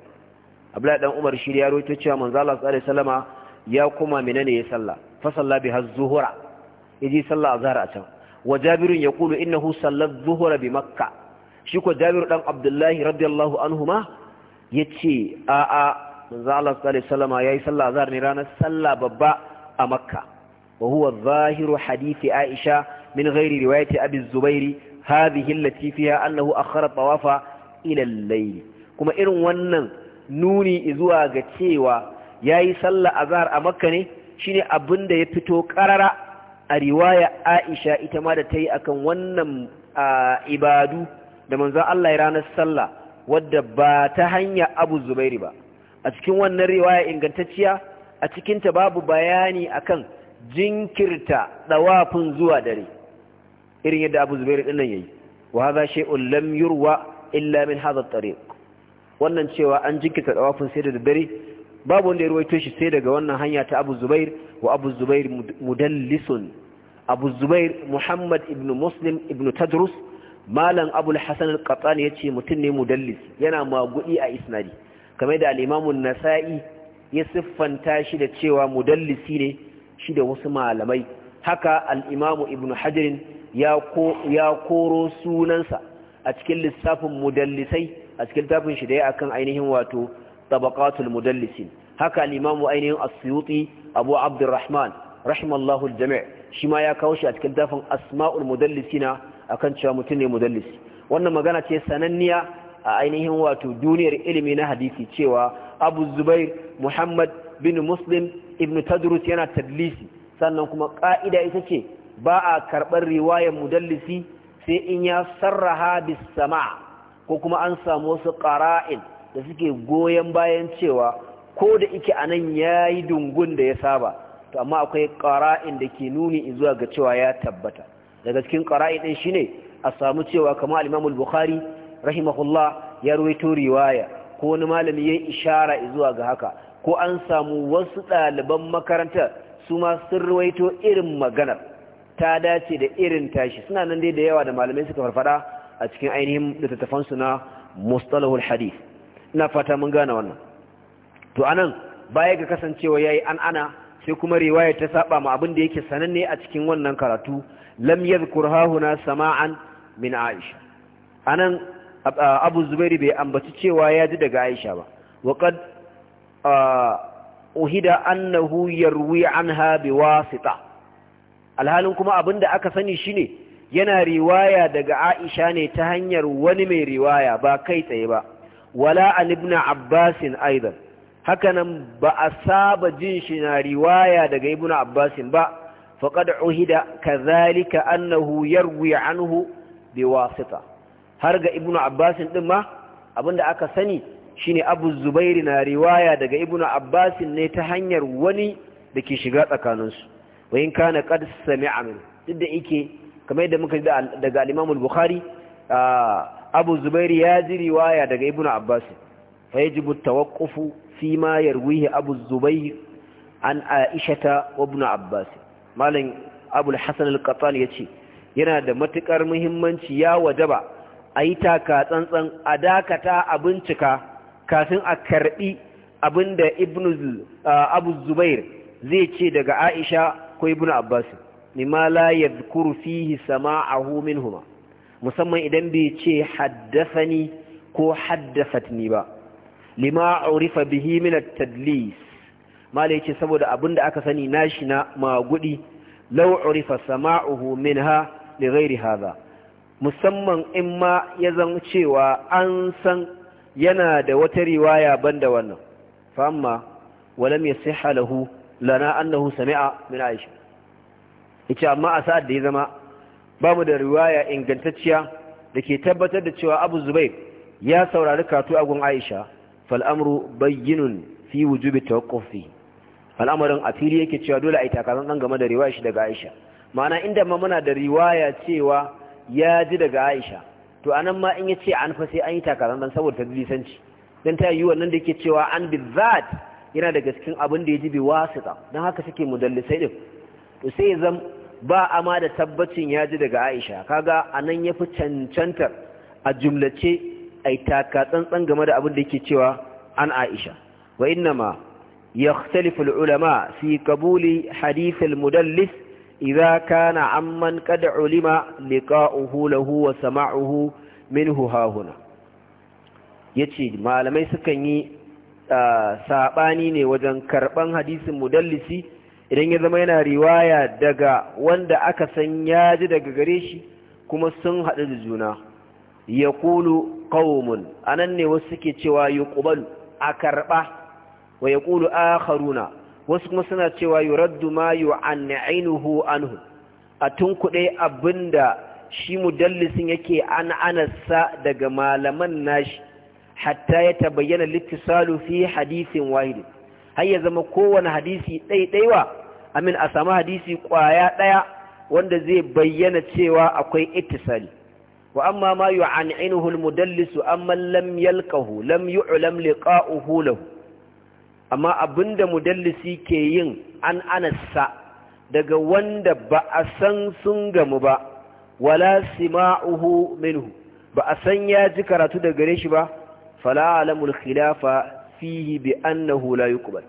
abdullahi dan umar shirya ya cewa Manzala tsari Salama ya kuma mina ne ya sallah fa biya biha zuhura. yaji sallah azhar a can wa jabirun yaqulu innahu salla dhuhra bi makkah shi ko jabir dan abdullahi radiyallahu anhuma yace a a manzo Allah sallallahu alaihi wasallam yayi sallah azhar ne ranar sallah babba a makka wa huwa zahiru hadisi aisha min ghairi riwayati abi zubairi hadhihi allati fiha annahu akhara tawafa ila al-layl kuma irin wannan nuni izuwa ga cewa yayi sallah azhar a makka ne shine abinda ya fito karara a riwaya Aisha ita ma da ta yi akan wannan ibadu da manzon Allah ya ranar sallah wadda ba ta hanya Abu Zubairi ba a cikin wannan riwaya ingantacciya a cikin ta babu bayani akan jinkirta dawafin zuwa dare irin yadda Abu Zubairi din nan yayi wa hadha shay'un lam yurwa illa min hadha at-tariq wannan cewa an jinkirta dawafin sai da dare babu wanda ya ruwaito shi sai daga wannan hanya ta abu zubair wa abu zubair mudallisun abu zubair muhammad ibn muslim ibn tadrus malam abu hasan al-qattani yace mutum ne mudallis yana magudi a isnadi kamar da al-imam nasai ya siffanta shi da cewa mudallisi ne shi da wasu malamai haka al-imam ibn hajar ya koro sunansa a cikin lissafin mudallisai a cikin tafin shi da ya akan ainihin wato tabaqatul mudallisin haka al ainihin as-suyuti abu abdurrahman rahimallahu al-jami' shi ma ya kawo shi a cikin dafin asma'ul mudallisina akan cewa mutum ne mudallisi wannan magana ce sananniya a ainihin wato duniyar ilimi na hadisi cewa abu zubair muhammad bin muslim ibn tadrus yana tadlisi sannan kuma ka'ida ita ce ba a karɓar riwayar mudallisi sai in ya sarraha bis sama ko kuma an samu wasu ƙara'in da suke goyon bayan cewa ko da ike a nan ya yi dungun da ya saba to amma akwai ƙara'in da ke nuni zuwa ga cewa ya tabbata daga cikin ƙara'in ɗin shi ne a samu cewa kama al'imamul bukhari rahimahullah ya ruwaito riwaya ko wani malami ya ishara zuwa ga haka ko an samu wasu ɗaliban makarantar su ma sun ruwaito irin maganar ta dace da irin tashi suna nan dai da yawa da malamai suka farfada a cikin ainihin littattafansu na mustalahul hadith ina fata mun gane wannan to anan baya ga kasancewa yayi an ana sai kuma riwaya ta saba ma abin da yake sananne a cikin wannan karatu lam yadhkur hahuna sama'an min aisha anan abu zubairi bai ambaci cewa ya ji daga aisha ba wa qad uhida annahu yarwi anha biwasita alhalin kuma abin da aka sani shine yana riwaya daga aisha ne ta hanyar wani mai riwaya ba kai tsaye ba wala an ibn abbasin aidan hakanan ba a saba jin shi na riwaya daga ibn abbasin ba faqad uhida kadhalika annahu yarwi anhu biwasita har ga ibn abbasin din ma abinda aka sani shine abu zubairi na riwaya daga ibn abbasin ne ta hanyar wani da ke shiga tsakaninsu wa in kana qad sami'a min duk da yake kamar yadda muka ji daga al-imam al-bukhari ah, abu Zubairu ya ji riwaya daga ibnu abbas fa yajibu tawaqqufu fi ma yarwihi abu zubair an aishata wa ibn abbas malam abu al-hasan al-qattan yace yana da matukar muhimmanci ya wajaba yi taka tsantsan a dakata a bincika kafin a karɓi abinda ibnu abu zubair zai ce daga aisha ko ibnu abbas mimma la yadhkuru fihi sama'ahu minhuma musamman idan bai ce haddasa ni ko haddasatni ba lima urifa bihi min at-tadlis malai ce saboda abinda aka sani nashi na magudi law urifa sama'uhu minha li ghairi hadha musamman in ma ya zan cewa an san yana da wata riwaya banda wannan fa amma walam yasihha lahu lana annahu sami'a min aisha yace amma a sa'ad da ya zama Babu da riwaya ingantacciya da ke tabbatar da cewa abu zubair ya saurari katu a gun aisha fal’amuru bayyinun fi wujubi tawakkufi al'amarin a fili yake cewa dole a yi takasan game da riwaya shi daga aisha ma'ana inda ma muna da riwaya cewa ya ji daga aisha to a nan ma in ya ce an fa sai an yi takasan saboda tadlisanci Don ta yi wannan da yake cewa an bi bizat yana daga cikin abin da ya ji bi wasu don haka suke mudallisai din sai ba ama da tabbacin ya ji daga aisha kaga nan ya fi cancantar a jumlace a yi taka tsantsan game da abin da yake cewa an aisha wa ma ya salifin ulama fi kabuli hadithul mudallis idza kana amman qad ulima liqa'uhu lahu wa sama'uhu minhu hahuna yace malamai sukan yi ah, saɓani ne wajen karɓan hadisin mudallisi idan ya zama yana riwaya daga wanda aka san ya ji daga gare shi kuma sun haɗu da juna ya kulu ƙawumun a nan ne wasu suke cewa yi ƙubal a karɓa wa ya kulu a haruna wasu kuma suna cewa yi raddu ma yi an ainihu anhu a tun kuɗe abin da shi mudallisin yake an anasa daga malaman nashi hatta ya tabayyana littisalu fi hadisin wahidin har ya zama kowane hadisi ɗaiɗaiwa amin a samu hadisi ƙwaya ɗaya wanda zai bayyana cewa akwai ittisali wa amma ma yu'an'inuhu al-mudallisu amma lam yalqahu lam yu'lam liqa'uhu lahu amma abinda mudallisi ke yin an anasa daga wanda ba a san sun gamu ba wala sima'uhu minhu ba a san ya ji karatu daga gare shi ba fala alamul khilafa fihi bi annahu la yuqbal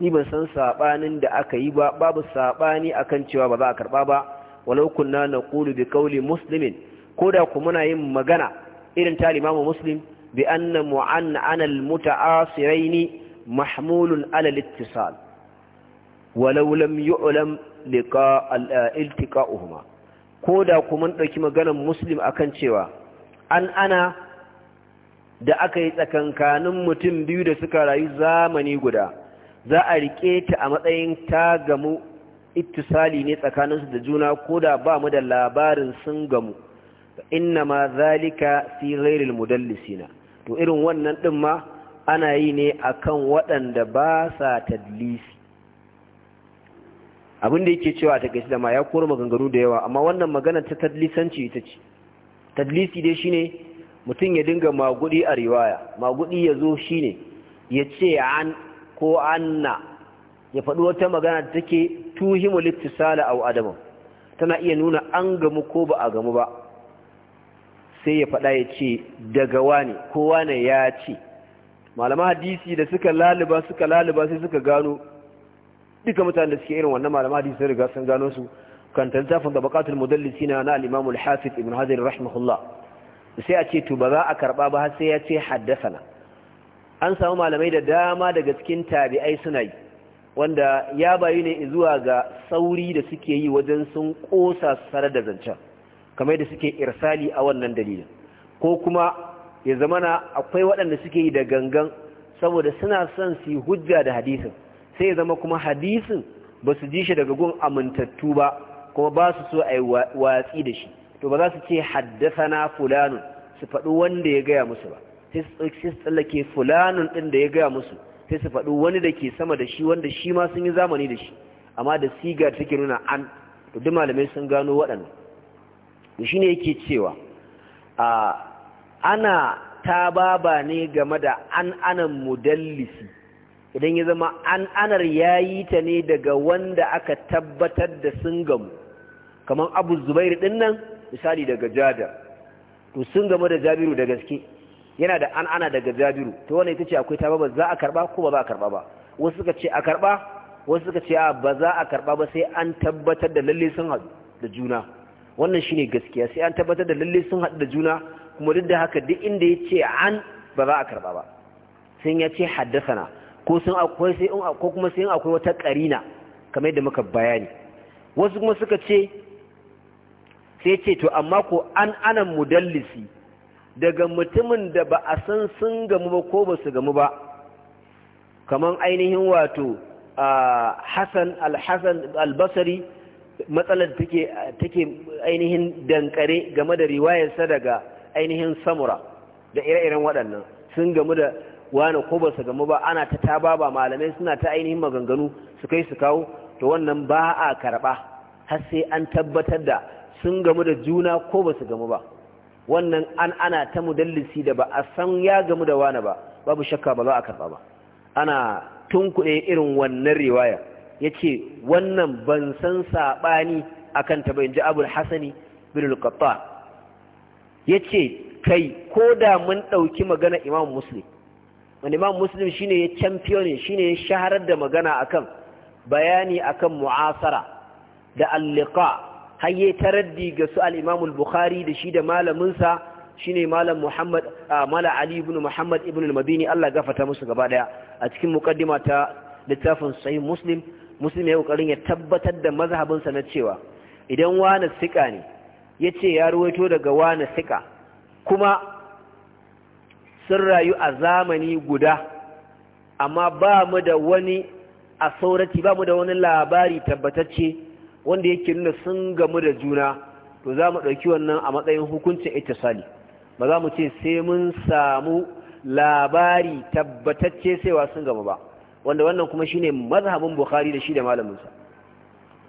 ni ban san sabanin da aka yi ba babu sabani akan cewa ba za a karba ba walau kunna naqulu bi qawli muslimin koda ku muna yin magana irin ta limamu muslim bi anna mu'annana al-muta'asirain mahmulun ala al-ittisal walau lam yu'lam liqa al-iltiqa'uhuma eh, koda ku mun dauki maganar muslim akan cewa an ana da aka yi tsakankanin mutum biyu da suka rayu zamani guda za a riƙe ta a matsayin ta gamu ittisali ne tsakaninsu da juna ko da ba mu da labarin sun gamu inna ma zalika fi ghairil mudallisina to irin wannan din ma ana yi ne akan waɗanda ba sa tadlisi abin da yake cewa ta gaisa da ma ya koro maganganu da yawa amma wannan magana ta tadlisanci ita ce tadlisi dai shine mutum ya dinga magudi a riwaya magudi ya zo shi ne ya ce an ko anna ya faɗi wata magana da take tuhimu littisala a adamu tana iya nuna an gamu ko ba a gamu ba sai ya faɗa ya ce daga wane ko wane ya ce malama hadisi da suka laliba suka laliba sai suka gano duka mutane da suke irin wannan malama hadisi sun riga sun gano su kan tantafin da bakatul mudallisi na na alimamul imam ibn hazir rahimahullah sai a ce to ba za a karba ba har sai ya ce haddasana an samu malamai da dama daga cikin tabi'ai suna yi wanda ya bayu ne zuwa ga sauri da suke yi wajen sun kosa sarar da zancen kamar da suke irsali a wannan dalilin ko kuma ya zama na akwai waɗanda suke yi da gangan saboda suna son su yi hujja da hadisin sai ya zama kuma hadisin ba su ji shi daga gun amintattu ba kuma ba su so a yi watsi da shi to ba za su ce haddasana fulanun su faɗi wanda ya gaya musu ba sai su tsallake fulanun ɗin da ya gaya musu sai su faɗi wani da ke sama da shi wanda shi ma sun yi zamani da shi amma da ta take nuna an to duk malamai sun gano waɗannan to ne yake cewa a ana tababa ne game da an anan mudallisi idan ya zama an anar ya yi ta ne daga wanda aka tabbatar da sun gamu kamar abu Zubairu ɗin nan misali daga jada to sun game da jabiru da gaske yana da an ana daga jabiru to wannan ita ce akwai ta ba za a karba ko ba za a karba ba wasu suka ce a karba wasu suka ce ba za a karba ba sai an tabbatar da lalle sun haɗu da juna wannan shine gaskiya sai an tabbatar da lalle sun haɗu da juna kuma duk da haka duk inda ya ce an ba za a karba ba sun ya ce haddasana ko sun akwai sai ko kuma sai akwai wata karina kamar yadda muka bayani wasu kuma suka ce sai ce to amma ko an anan mudallisi daga mutumin da ba a san sun gamu ba ko ba su gamu ba kaman ainihin wato hassan al-hassan al-basari matsalar take ainihin dankare game da riwayarsa daga ainihin samura da ire-iren waɗannan sun gamu da wani ko ba su gamu ba ana ta taba ba malamai suna ta ainihin maganganu su kai su kawo to wannan ba a karɓa har sai an tabbatar da sun gamu da juna ko ba su gamu ba wannan an ana ta mudallisi da ba a san ya gamu da wane ba babu shakka ba za a karɓa ba ana tunkuɗe irin wannan riwaya ya ce wannan ban san saɓani a kan ta bai ji hasani bin lukatta ya ce kai ko da mun ɗauki magana imam muslim wani imam muslim shine ya camfiyoni shine ya shaharar da magana akan bayani akan mu'asara da alliqa ta taraddi ga su al bukhari da shi da malamin sa shine malam Muhammad ah, mala Ali ibn Muhammad ibn al-Madini Allah gafarta musu gaba ɗaya. a cikin muqaddima ta littafin Sahih Muslim Muslim ya kokarin ya tabbatar da mazhabin sa na cewa idan wani sika ne yace ya ruwaito daga wani sika kuma sun rayu a zamani guda amma ba mu da wani a saurati ba mu da wani labari tabbatacce wanda yake nuna sun gamu da juna to za mu ɗauki wannan a matsayin hukuncin ittisali ba za mu ce sai mun samu labari tabbatacce saiwa sun gamu ba wanda wannan kuma shine mazhabin bukhari da shi da malaminsa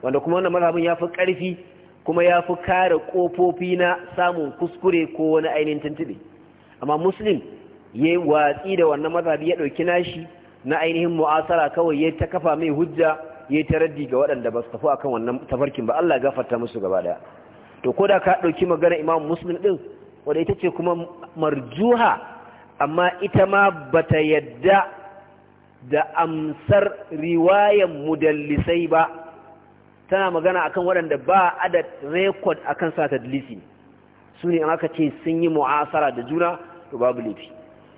wanda kuma wannan mazhabin ya fi ƙarfi kuma ya fi kare ƙofofi na samun kuskure ko wani ainihin tuntuɓe amma muslim ya yi watsi da wannan mazhabi ya ɗauki nashi na ainihin mu'asara kawai ya ta kafa mai hujja yayi taraddi ga waɗanda ba su tafi akan wannan tafarkin ba Allah ya gafarta musu gaba daya to ko da ka dauki magana Imam Muslim din wanda ita ce kuma marjuha amma ita ma bata yadda da amsar riwayan mudallisai ba tana magana akan waɗanda ba a adad record akan sa tadlisi su ne aka ce sun yi mu'asara da juna to babu laifi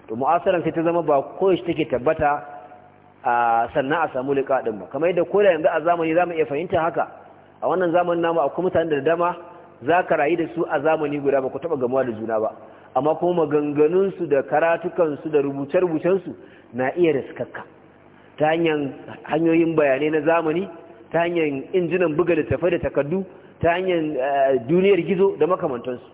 to mu'asaran sai ta zama ba koyaushe take tabbata sannan a samu liƙa ɗin ba kamar yadda koda yanzu a zamani za mu iya fahimta haka a wannan zamanin namu akwai mutane da dama za ka rayu da su a zamani guda ba ku taɓa gamuwa da juna ba amma kuma maganganunsu da karatukansu da rubuce-rubucensu na iya riskakka ta hanyar hanyoyin bayanai na zamani ta hanyar injinan buga da tafai da takardu ta hanyar eh, duniyar gizo da makamantansu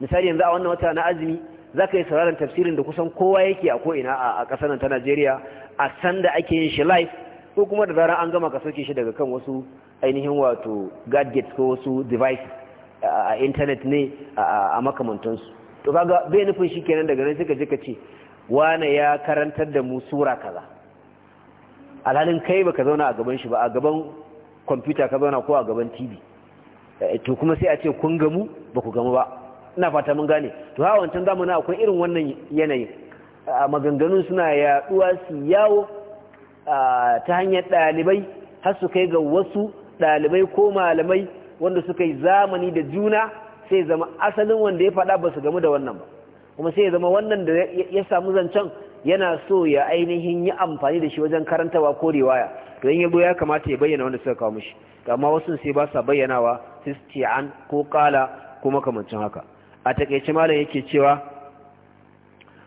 misali yanzu a wannan wata na azumi za ka yi sauraron tafsirin da kusan kowa yake a ko'ina a ƙasar nan ta najeriya a sanda ake yin shi live ko kuma da zarar an gama ka soke shi daga kan wasu ainihin wato gadgets ko wasu device a intanet ne a makamantansu to kaga bai nufin shi kenan daga nan suka je ka ce wane ya karantar da mu sura kaza alhalin kai baka zauna a gaban shi ba a gaban kwamfuta ka zauna ko a gaban tv eh, to kuma sai a ce kun gamu ba ku gamu ba ina fata mun gane to ha wancan zamanin akwai irin wannan yanayin maganganun suna yaduwa su yawo ta hanyar ɗalibai har su kai ga wasu ɗalibai ko malamai wanda suka yi zamani da juna sai zama asalin wanda ya faɗa ba su gamu da wannan ba kuma sai zama wannan da ya samu zancen yana so ya ainihin yi amfani da shi wajen karantawa ko riwaya to in yabo ya kamata ya bayyana wanda suka kawo mishi amma wasu sai ba sa bayyanawa sisti'an ko kala ko makamancin haka a takaice malam yake cewa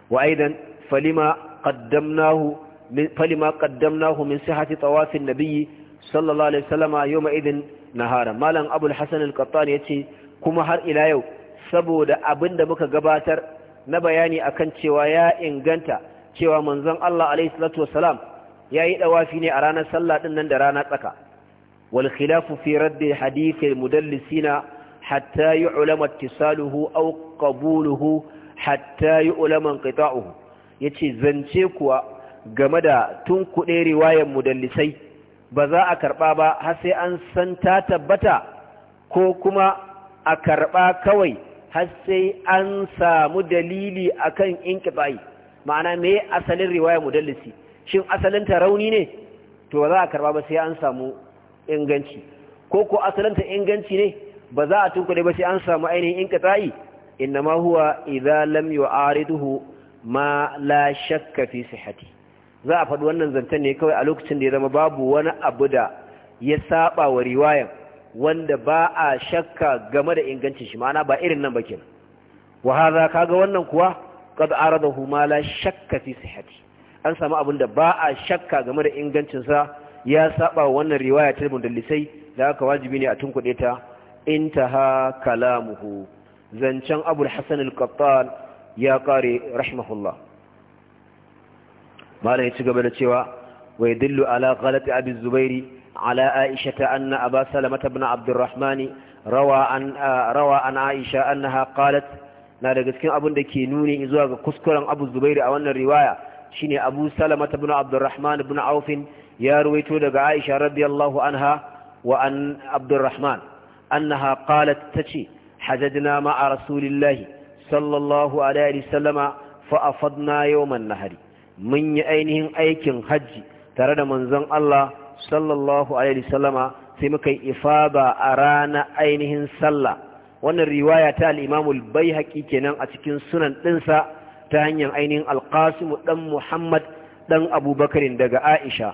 wa aidan falima qaddamnahu min falima qaddamnahu min sihhati tawafin nabiyyi sallallahu alaihi wasallama yawma idin nahara malam abul hasan al-qattani yace kuma har ila yau saboda abinda muka gabatar na bayani akan cewa ya inganta cewa manzon Allah alaihi salatu wasalam yayi dawafi ne a ranar sallah din nan da rana tsaka wal khilafu fi radd hadith mudallisina hatta yu'lama ittisaluhu aw qabuluhu hatta yu'lama inqita'uhu yace zance kuwa game da tun kuɗe riwayar mudallisai ba za a karɓa ba har sai an san ta tabbata ko kuma a karɓa kawai har sai an samu dalili akan inqita'i ma'ana me asalin riwayar mudallisi shin asalinta rauni ne to ba za a karɓa ba sai an samu inganci ko ko asalinta inganci ne ba za a tunkuɗe ba sai an samu ainihin in katsa'i innama huwa idza lam yu'ariduhu ma la shakka fi sihhati za a faɗi wannan zantan ne kawai a lokacin da ya zama babu wani abu da ya saba wa riwaya wanda ba a shakka game da ingancin shi ma'ana ba irin nan ba kenan wa hadha kaga wannan kuwa qad aradahu ma la shakka fi sihhati an samu abin da ba a shakka game da ingancinsa ya saba wannan riwaya ta mudallisai da aka wajibi ne a tunkuɗe ta intaha kalamuhu zancen abul hassan al ya kare rahimahullah malam ya ci gaba da cewa wa yadullu ala ghalati abi zubairi ala aisha ta anna aba salama ibn abdurrahmani rawa an rawa an aisha annaha qalat na daga cikin abin da ke nuni zuwa ga kuskuren zubairi a wannan riwaya shine abu salama ibn abdurrahman ibn auf ya ruwaito daga aisha radiyallahu anha wa an abdurrahman أنها قالت تشي حجدنا مع رسول الله صلى الله عليه وسلم فأفضنا يوم النهر من أينهم أيكن حج ترد منزن الله صلى الله عليه وسلم سمكي إفاضة أرانا أينهم صلى وأن الرواية الإمام البيهكي كنان أتكن سنن تنسى تهنيا أينهم القاسم دم محمد دم أبو بكر دقاء عائشة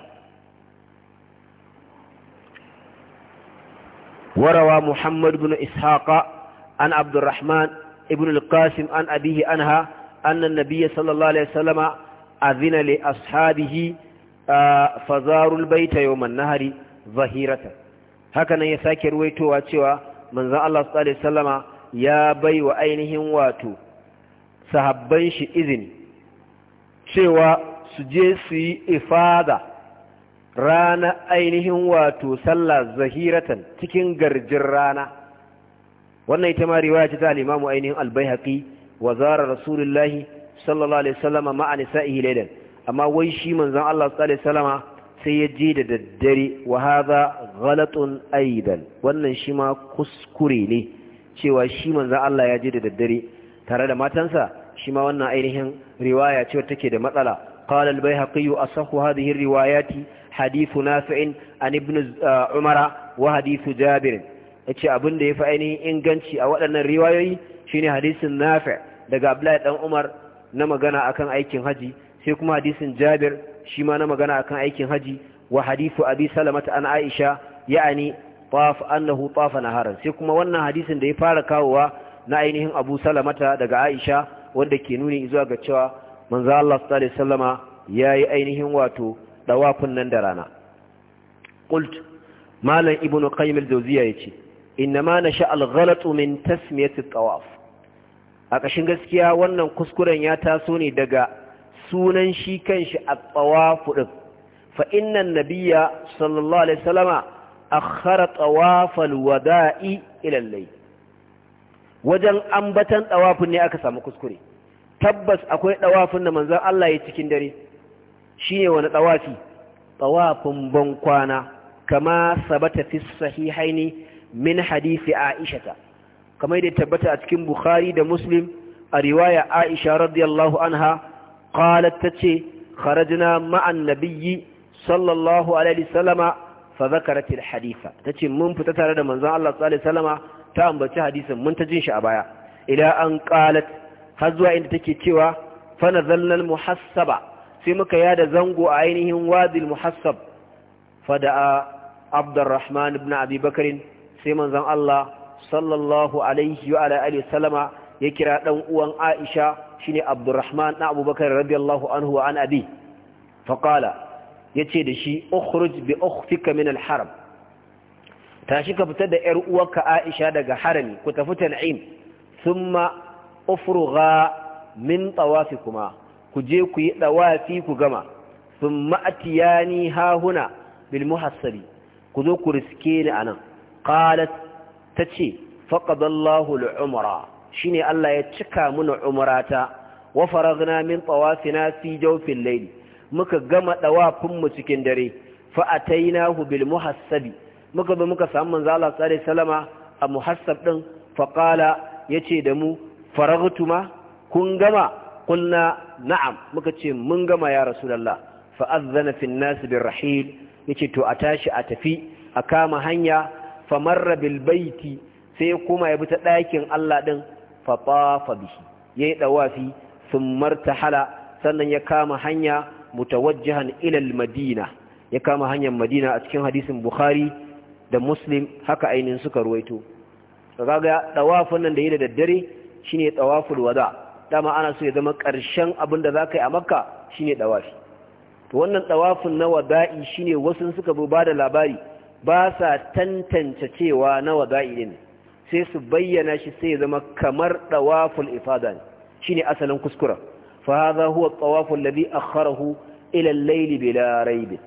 وروى محمد بن إسحاق عن عبد الرحمن ابن القاسم عن أبيه عنها أن النبي صلى الله عليه وسلم أذن لأصحابه فزاروا البيت يوم النهر ظهيرة هكذا يساكي رويته واتشوى من ذا الله صلى الله عليه وسلم يا بي وأينهم واتو sahabban shi izini cewa su je su yi ifada rana ainihin wato sallah zahiratan cikin garjin rana wannan ita ma riwaya ce ta al-imamu ainihin al-baihaqi wa zara rasulullahi sallallahu alaihi wasallama ma'a nisa'ihi laylan amma wai shi manzon Allah sallallahu alaihi wasallama sai ya je da daddare wa hadha ghalatun aidan wannan shi ma kuskure ne cewa shi manzon Allah ya je da daddare tare da matansa shi ma wannan ainihin riwaya ce take da matsala qala al-baihaqi asahhu hadhihi riwayati hadithu nafi'in an ibn uh, umara wa hadithu jabir yace abin da yafi ainihin inganci a waɗannan riwayoyi shine hadisin nafi' daga abdullahi dan umar na magana akan aikin haji sai kuma hadisin jabir shi ma na magana akan aikin haji wa hadithu abi salamata an aisha ya'ani taf annahu tafa naharan sai kuma wannan hadisin da ya fara kawowa na ainihin abu salamata daga aisha wanda ke nuni zuwa ga cewa manzo Allah sallallahu alaihi wasallama yayi ainihin wato dawafin nan da rana Kult, malam ibnu qayyim al ce. inna ma na al-ghalatu min tasmiyat tawaf a ƙashin gaskiya wannan kuskuren ya taso ne daga sunan shi kanshi a tsawafu ɗin. fa inna nabiyya sallallahu alaihi wasallama a tawaf al-wada'i ila ilallai. wajen ambatan tsawafin ne aka samu kuskure tabbas akwai tsawafin da manzon Allah ya cikin dare shine wani tsawafi? Tsawafin bankwana kama sabata fi sahihaini min hadisi aishata kamar da tabbata a cikin bukhari da muslim a riwaya aisha radiyallahu anha qalat tace kharajna ma'an nabiyyi sallallahu alaihi wasallama fa zakarat alhaditha tace mun fita tare da manzon Allah sallallahu alaihi wasallama ta ambaci hadisin mun ta jin shi a baya ila an qalat har zuwa inda take cewa fa nazalna almuhassaba sai muka yada zango a ainihin wadil muhassab fada'a abdurrahman ibn abi bakarin sai manzon Allah sallallahu alaihi wa ala ya kira dan uwan Aisha shine abdurrahman na abubakar radiyallahu anhu wa an abi faqala yace da shi ukhruj bi ukhtika min al-haram tashi ka fitar da yar uwarka Aisha daga harami ku tafi tan'im thumma ufrugha min tawafikuma ku je ku yi ɗawafi ku gama sun ma'atiyani hahuna bil muhassabi ku zo ku riske ni anan ta tace faqadallahu al shi shine Allah ya cika mana umrata wa faragna min tawafina fi jawfil muka gama ɗawafinmu mu cikin dare fa atainahu bil muhassabi muka bi muka samu manzo Allah sallallahu a muhassab din fa yace da mu faragtuma kun gama kulna na'am muka ce mun gama ya rasulullah fa azzana fi nas birrahil yace to a tashi a tafi a kama hanya fa marra bil sai kuma ya bi ta ɗakin Allah din fa tafa bihi yayi dawafi thumma tahala sannan ya kama hanya mutawajjihan ila al madina ya kama hanyar madina a cikin hadisin bukhari da muslim haka ainihin suka ruwaito kaga dawafin nan da yi da daddare shine tawaful wada dama ana so ya zama ƙarshen abin da za ka yi a makka shine ɗawafi wannan ɗawafin na wada'i shine wasu suka bi ba da labari ba sa tantance cewa na wada'i ne sai su bayyana shi sai ya zama kamar ɗawafin ifada ne shine asalin kuskura fa hadha huwa at-tawaful ladhi akharahu ila al-layl bila rayb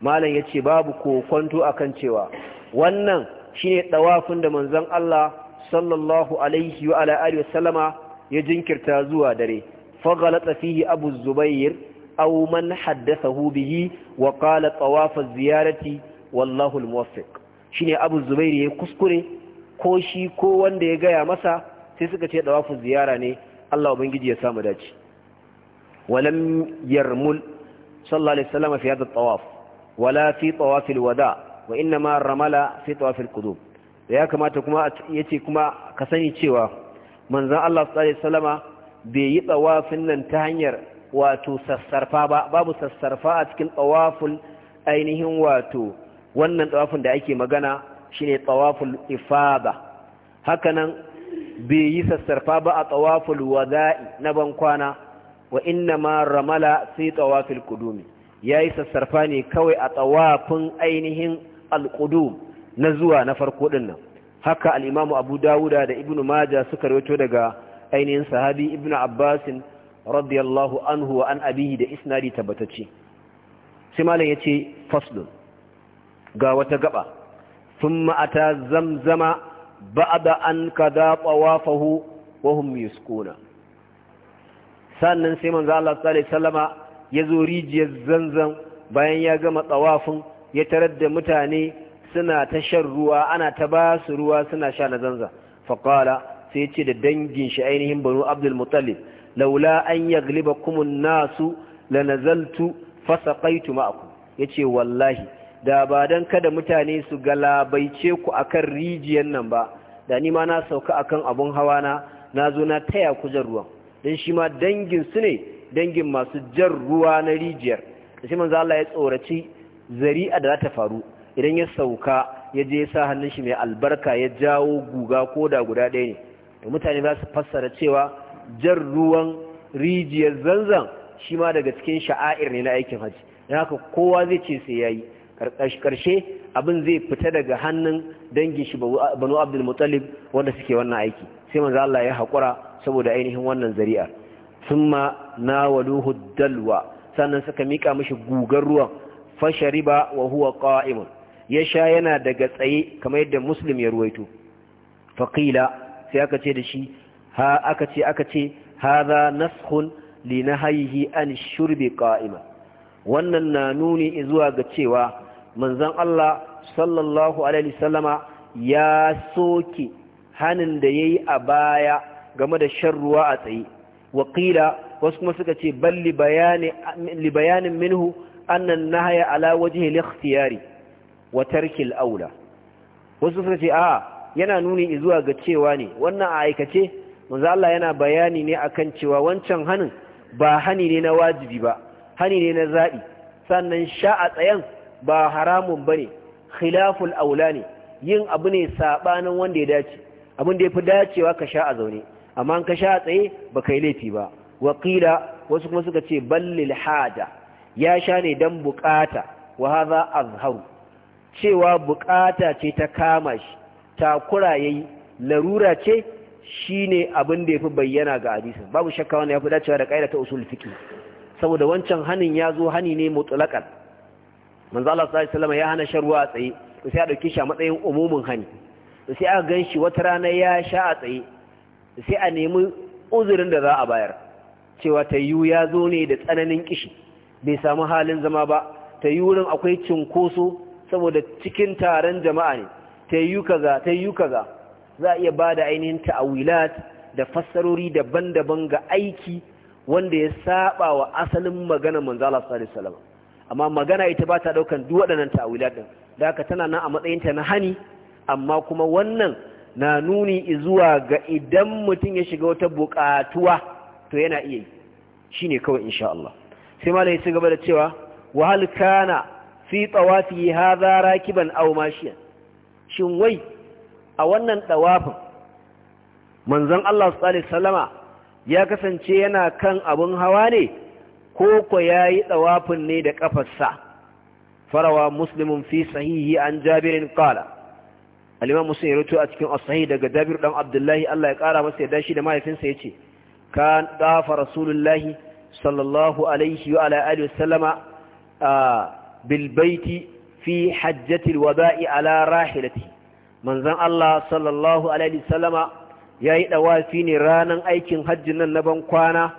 malam yace babu a akan cewa wannan shine ɗawafin da manzon Allah sallallahu alaihi wa ala wa wasallama ya jinkirta zuwa dare faghalata fihi abu zubair aw man haddathahu bihi wa qala tawaf az-ziyarati wallahu al-muwaffiq shine abu zubair ya kuskure ko shi ko wanda ya gaya masa sai suka ce tawaf ziyara ne Allah ubangiji ya samu dace walam yarmul sallallahu alaihi wasallam fi hadha at-tawaf wala fi tawaf al-wada wa inma ramala fi tawaf al-qudum ya kamata kuma yace kuma ka sani cewa manzan Allah sallama bai yi tsawafin nan ta hanyar wato sassarfa ba babu sassarfa a cikin tsawafin ainihin wato wannan tsawafin da ake magana shine tsawafin ifada hakanan bai yi sassarfa ba a tsawafin waza'i na bankwana wa inna ma ramala sai tsawafin kudumi ya yi sassarfa ne kawai a tsawafin ainihin alkudu na zuwa na farko dinnan. nan haka al'imamu abu dawuda da ibn maja suka rawaito daga ainihin sahabi ibn abbasin radiyallahu anhu wa an abihi da isnadi tabbatacce sai malam yace faslun ga wata gaba thumma ata zamzama ba'da an kada tawafahu wa hum yusquna sannan sai manzo Allah sallallahu alaihi wasallama ya zo rijiyar zanzan bayan ya gama tawafin ya tarar da mutane suna ta shan ruwa ana ta ba su ruwa suna sha na zanza faƙala sai ce da dangin shi ainihin banu abdul mutallib laula an gliba kumun nasu la nazaltu fasaqaitu ma'akum yace wallahi da ba dan kada mutane su galabaice ku akan rijiyar nan ba da ni ma na sauka akan abun hawa na na zo na taya ku jan ruwan dan shi ma dangin su ne dangin masu jan ruwa na rijiyar sai manzo Allah ya tsoraci zari'a da za ta faru idan ya sauka ya je ya sa hannun shi mai albarka ya jawo guga ko da guda ɗaya ne da mutane za su fassara cewa jan ruwan rijiyar zanzan shi ma daga cikin sha'air ne na aikin hajji don haka kowa zai ce sai ya yi ƙarshe abin zai fita daga hannun dangin shi banu abdul mutalib wanda suke wannan aiki sai manzo Allah ya haƙura saboda ainihin wannan zari'a na nawaluhu dalwa sannan suka mika mashi gugar ruwan fashariba wa huwa qa'imun ya sha yana daga tsaye kamar yadda muslim ya ruwaito faƙila sai aka ce da shi ha aka ce aka ce haza nashun li haihi an shurbi ƙa'ima. wannan na nuni zuwa ga cewa manzon Allah sallallahu alaihi wasallama ya soke hanin da yayi a baya game da shan ruwa a tsaye waƙila wasu kuma suka ce bal bayanin minhu annan nahaya ala wajen al wa tarkil aula wasu suka ce a yana nuni zuwa ga cewa ne wannan a aikace manzo Allah yana bayani ne akan cewa wancan hanin ba hani ne na wajibi ba hani ne na zabi sannan sha'a a tsayan ba haramun bane khilaful aula ne yin abu ne sabanin wanda ya dace abin da yafi dacewa ka sha a zaune amma an ka sha a tsaye ba kai laifi ba wakila wasu kuma suka ce ballil hada ya sha ne dan bukata wa hadha azharu cewa bukata ce ta kama shi takura yayi larura ce shi ne abin da ya fi bayyana ga hadisin babu shakka ya yafi dacewa da kaida ta usul fiqh saboda wancan hanin ya zo hani ne mutlaqan manzo Allah sallallahu alaihi wasallam ya hana sharwa a tsaye sai ya dauki shi a matsayin umumin hani sai gan shi wata rana ya sha a tsaye sai a nemi uzurin da za a bayar cewa tayyu ya zo ne da tsananin kishi bai samu halin zama ba tayyu wurin akwai cinkoso saboda cikin taron jama'a ne ta yi kaza ta yi kaza za a iya ba da ainihin ta'awilat da fassarori daban-daban ga aiki wanda ya saba wa asalin magana manzo Allah sallallahu amma magana ita ba ta daukan duk waɗannan ta'awilat din da haka tana nan a matsayin ta na hani amma kuma wannan na nuni zuwa ga idan mutum ya shiga wata buƙatuwa to yana iya yi shine kawai insha Allah sai malai ya ci gaba da cewa wa kana fi tsawafi tawafi raki rakiban aw mashiya shin wai a wannan tawafin manzon Allah sallallahu alaihi ya kasance yana kan abun hawa ne ko ko yi ɗawafin ne da ƙafarsa. farawa Muslimin fi sahihi an jabirin qala aliman imam ya rawaito a cikin asahi daga Jabir dan Abdullahi Allah ya ƙara masa ya shi da mahaifinsa ya ce. Ka dafa rasulullahi sallallahu alaihi wa alaihi wa wasallama bilbaiti fi hajjatil waba'i ala rahilati manzon Allah sallallahu alaihi wasallama yayi ɗawafi ne ranan aikin hajjin nan na ban kwana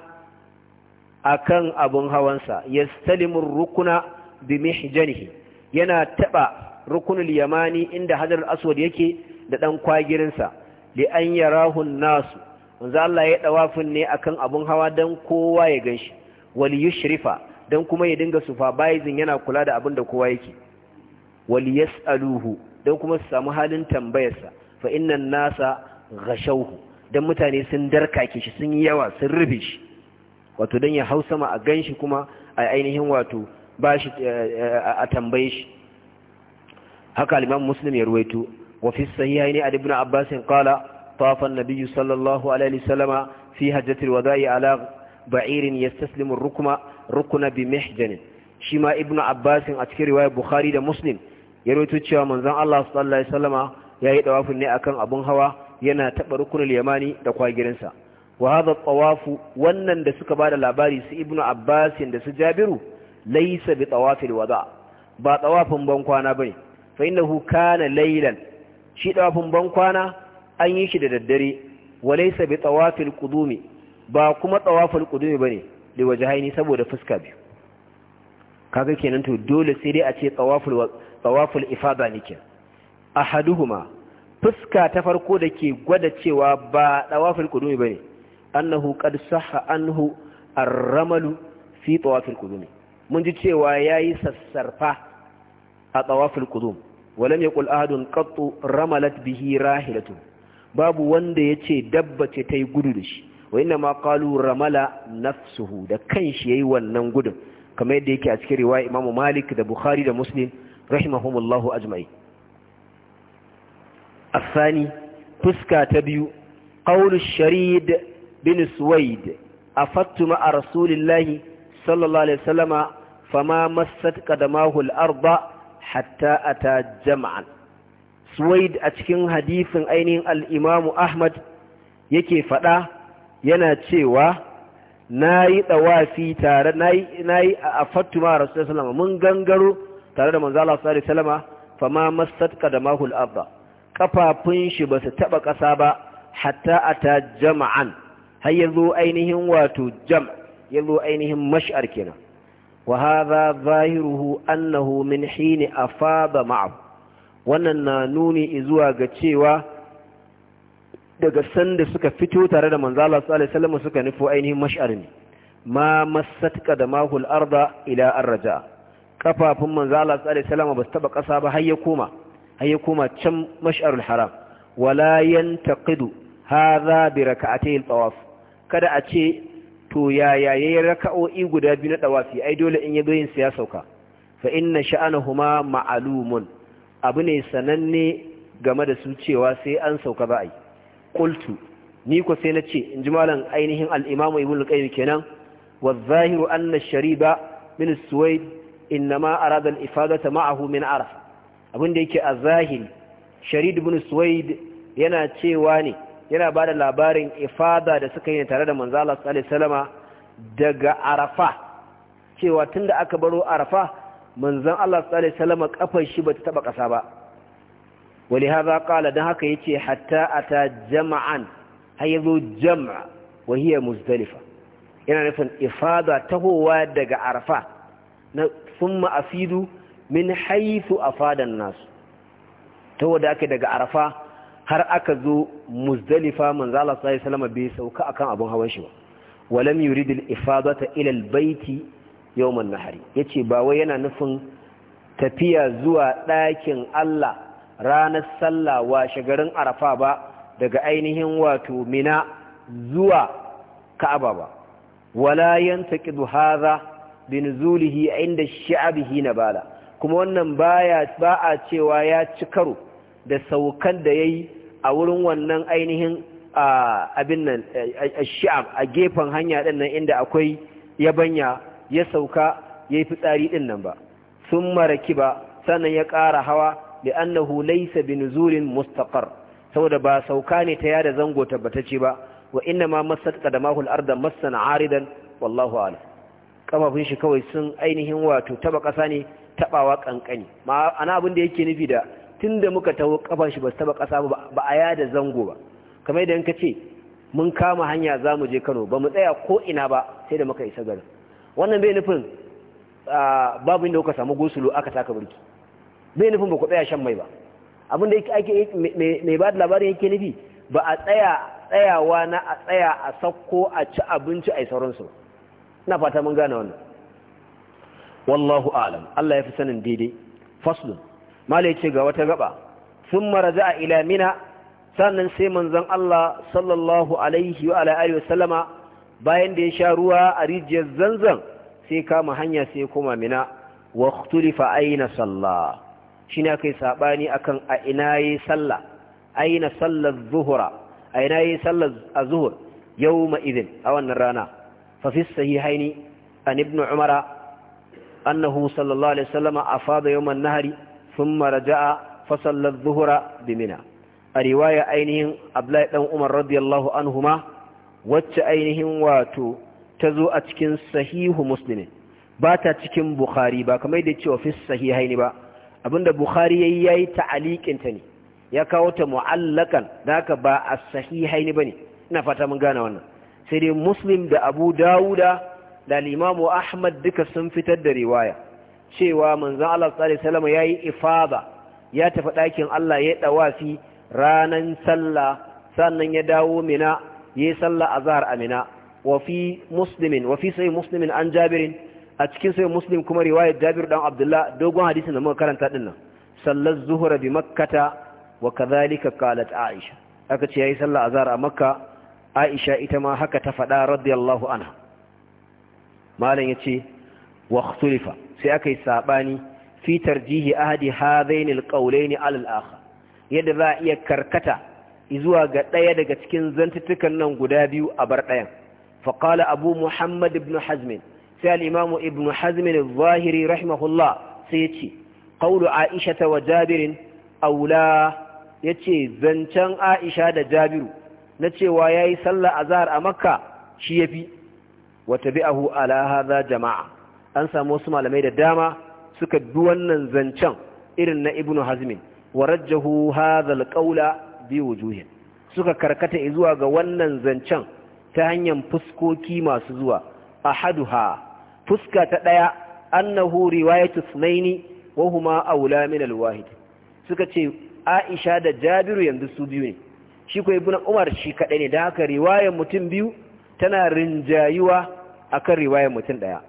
akan abun hawansa yastalimur rukuna bi mihjanihi yana taɓa rukunin yamani inda hajar aswad yake da dan kwagirinsa li ya yarahu nasu manzo Allah ya dawafin ne akan abin hawa dan kowa ya ganshi wal yushrifa don kuma ya dinga supervising yana kula da abin da kowa yake wal yas'aluhu don kuma su samu halin tambayarsa fa innan nasa ghashawhu don mutane sun darkake shi sun yi yawa sun rufe shi wato don ya hau sama a ganshi kuma a ainihin wato ba eh, eh, a tambaye shi haka al-imam muslim ya ruwaito wa fi sahihaini ad ibn abbas qala طاف النبي صلى الله عليه وسلم في حجة الوداع ba'irin yastaslimu rukma rukuna bi mihjan shi ma ibnu Abbasin a cikin riwayar bukhari da muslim ya rawaito cewa manzon Allah sallallahu alaihi wasallama yayi dawafin ne akan abun hawa yana taba rukunul yamani da kwagirinsa wa hadha tawafu wannan da suka bada labari su ibnu Abbasin da su jabiru laysa bi tawafil wada ba tawafin ban kwana bane fa innahu kana laylan shi tawafin ban kwana an yi shi da daddare wa laysa bi tawafil qudumi ba kuma ne ba ne da haini saboda fuska biyu kaga kenan to dole sai dai a ce tawaful tawaful A nake ahaduhuma fuska ta farko da ke gwada cewa ba ne qudumi bane annahu qad an hu ar-ramalu fi ƙudu ne. mun ji cewa ya yi sassarfa a tawaful qudum walam yaqul ahadun qattu ramalat bihi rahilatu babu wanda yace dabba ce yi gudu da shi wa inna ma ramala nafsuhu da kanshi yayi wannan gudun kamar yadda yake a cikin riwaya Imam Malik da Bukhari da Muslim rahimahumullahu ajma'i الثاني فسكة تبيو قول الشريد بن سويد أفدت مع رسول الله صلى الله عليه وسلم فما مست قدماه الأرض حتى أتى جمعا سويد أتكين حديث أين الإمام أحمد يكي fada. yana cewa na yi ɗawafi tare na yi a fattuma rasu salama mun gangaro tare da manzala su salama ma masadka da mahul abba kafafun shi ba su taɓa ƙasa ba hatta a ta jama'an har ya zo ainihin wato jam ya ainihin mash'ar kenan wa hadha zahiruhu annahu min hini afada ma'ahu wannan na nuni zuwa ga cewa daga sanda suka fito tare da manzala su alaihi suka nufo ainihin mash'ar ne ma masatka da mahul arda ila arraja kafafun manzala su alaihi ba su taba kasa ba har ya koma har ya koma can mash'arul haram wala yantaqidu hadha bi rak'atayil tawaf kada a ce to ya yayin raka'o'i guda biyu na tawafi ai dole in yazo yin ya sauka fa inna huma ma'lumun abu ne sananne game da su cewa sai an sauka ba ai Kultu, ni ko sai nace in ji malam ainihin al-imam ibn qayyim kenan wa zahiru anna shariba min as-suwayd inma arada al-ifadata ma'ahu min araf abin da yake a zahiri sharid ibn suwaid yana cewa ne yana bada labarin ifada da suka yi tare da manzo Allah sallallahu alaihi wasallama daga arafa cewa tunda aka baro arafa manzon Allah sallallahu alaihi wasallama kafar shi bata taba kasa ba ولهذا قال ده هكا يتي حتى أتى جمعا هيذو جمع وهي مزدلفة يعني نفن إفادة تهوى دق عرفة ثم أفيد من حيث أفاد الناس تهوى داك دق عرفة har aka zo muzdalifa manzo Allah sallallahu alaihi bai sauka akan abin hawan shi ba walam yurid al-ifadata ila baiti yau an-nahri yace ba yana nufin tafiya zuwa ɗakin Allah ranar sallah washe garin arafa ba daga ainihin wato mina zuwa ka'aba ba wala yantaqidu hadha a inda na bala. kuma wannan baya ba a cewa ya ci karo da saukan da yayi a wurin wannan ainihin abin nan a gefen hanya din nan inda akwai yabanya ya sauka yayi fitsari din nan ba sun maraki ba sannan ya ƙara hawa li'annahu laysa binuzurin mustaqar saboda ba sauka ne ta yada zango ce ba wa inna ma massat qadamahu al-arda massan aridan wallahu a'lam shi kawai sun ainihin wato taba kasa ne tabawa kankani ma ana abin da yake nufi da tunda muka tawo kafan shi ba taba kasa ba ba a yada zango ba kamar idan ka ce mun kama hanya za mu je Kano ba mu tsaya ko ina ba sai da muka isa garin wannan bai nufin babu inda kuka samu gosulo aka taka burki bai nufin ba ku tsaya shan mai ba abin da ake mai ba da labarin yake nufi ba a tsaya tsayawa na a tsaya a sakko a ci abinci a sauransu na fata mun gane wannan wallahu alam Allah ya fi sanin daidai faslun mala ce ga wata gaba sun maraza a mina sannan sai manzon Allah sallallahu alaihi wa alihi wa sallama bayan da ya sha ruwa a rijiyar zanzan sai kama hanya sai kuma mina wa ikhtulifa aina sallah shi ne aka yi saɓani a kan a ina yi sallah aina sallar zuhura a ina yi sallar a zuhur yau ma'izin a wannan rana fafis sahihaini a ibn umara annahu sallallahu alaihi wasallama a fada yau man nahari sun maraja'a fasallar zuhura bimina a riwaya ainihin abdullahi dan umar radiyallahu anhuma wacce ainihin wato ta zo a cikin sahihu muslimin ba ta cikin bukhari ba kamar da cewa fi sahihaini ba abinda bukhari yayi yayi ta'aliqin ta ne ya kawo ta mu'allakan haka ba as-sahihaini bane ina fata mun gane wannan sai dai muslim da abu Dawuda da limamu ahmad duka sun fitar da riwaya cewa manzon Allah sallallahu alaihi yayi ifada ya tafi ɗakin Allah ya ɗawafi ranan sallah sannan ya dawo mina yayi sallah azhar a mina wa fi muslimin wa fi muslimin an jabirin a cikin sai muslim kuma riwayar jabir dan abdullah dogon hadisin da muka karanta din nan sallar zuhura bi makkata wa kadhalika qalat aisha aka ce yayi sallah azhar a makka aisha ita ma haka ta faɗa radiyallahu anha malam yace wa ikhtulifa sai aka yi sabani fi tarjihi ahadi hadaini alqawlaini ala al-akhar yadda za a iya karkata zuwa ga ɗaya daga cikin zantutukan nan guda biyu a bar ɗayan faqala abu muhammad ibn hazmin sai al'imamu ibn hazmin zahiri rahimahullah sai ya ce ƙaulu aisha ta wa jabirin aula ya ce zancen aisha da jabiru na cewa ya yi sallah a zahar a makka shi ya fi wata bi'ahu ala haza jama'a an samu wasu malamai da dama suka bi wannan zancen irin na ibn hazmin Warajahu rajjahu haza bi wujuhin suka karkata zuwa ga wannan zancen ta hanyar fuskoki masu zuwa a haduha fuska ta ɗaya annahu riwayatu sunaini wa huma aula min alwahid suka ce Aisha da Jabiru yanzu su biyu ne shi ko ibn Umar shi kaɗai ne da haka riwayar mutum biyu tana rinjayuwa akan riwayar mutum ɗaya,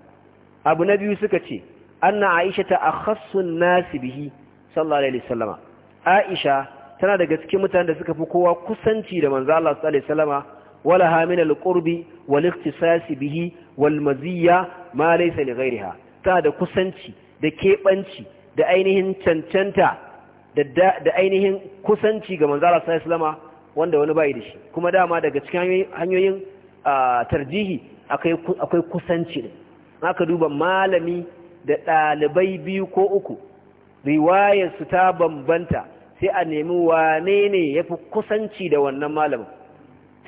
abu na biyu suka ce anna Aisha ta akhassun nas bihi sallallahu alaihi wasallama Aisha tana daga cikin mutanen da suka fi kowa kusanci da manzo Allah sallallahu alaihi wasallama wala ha min alqurbi wal ikhtisas bihi wal maziyya ma laisa li ghayriha ta da kusanci da keɓanci da ainihin cancanta da ainihin kusanci ga manzo Allah sallallahu alaihi wanda wani bai da shi kuma dama daga cikin hanyoyin tarjihi akwai kusanci ne aka duba malami da ɗalibai biyu ko uku riwayarsu ta bambanta sai a nemi wane ne ya kusanci da wannan malamin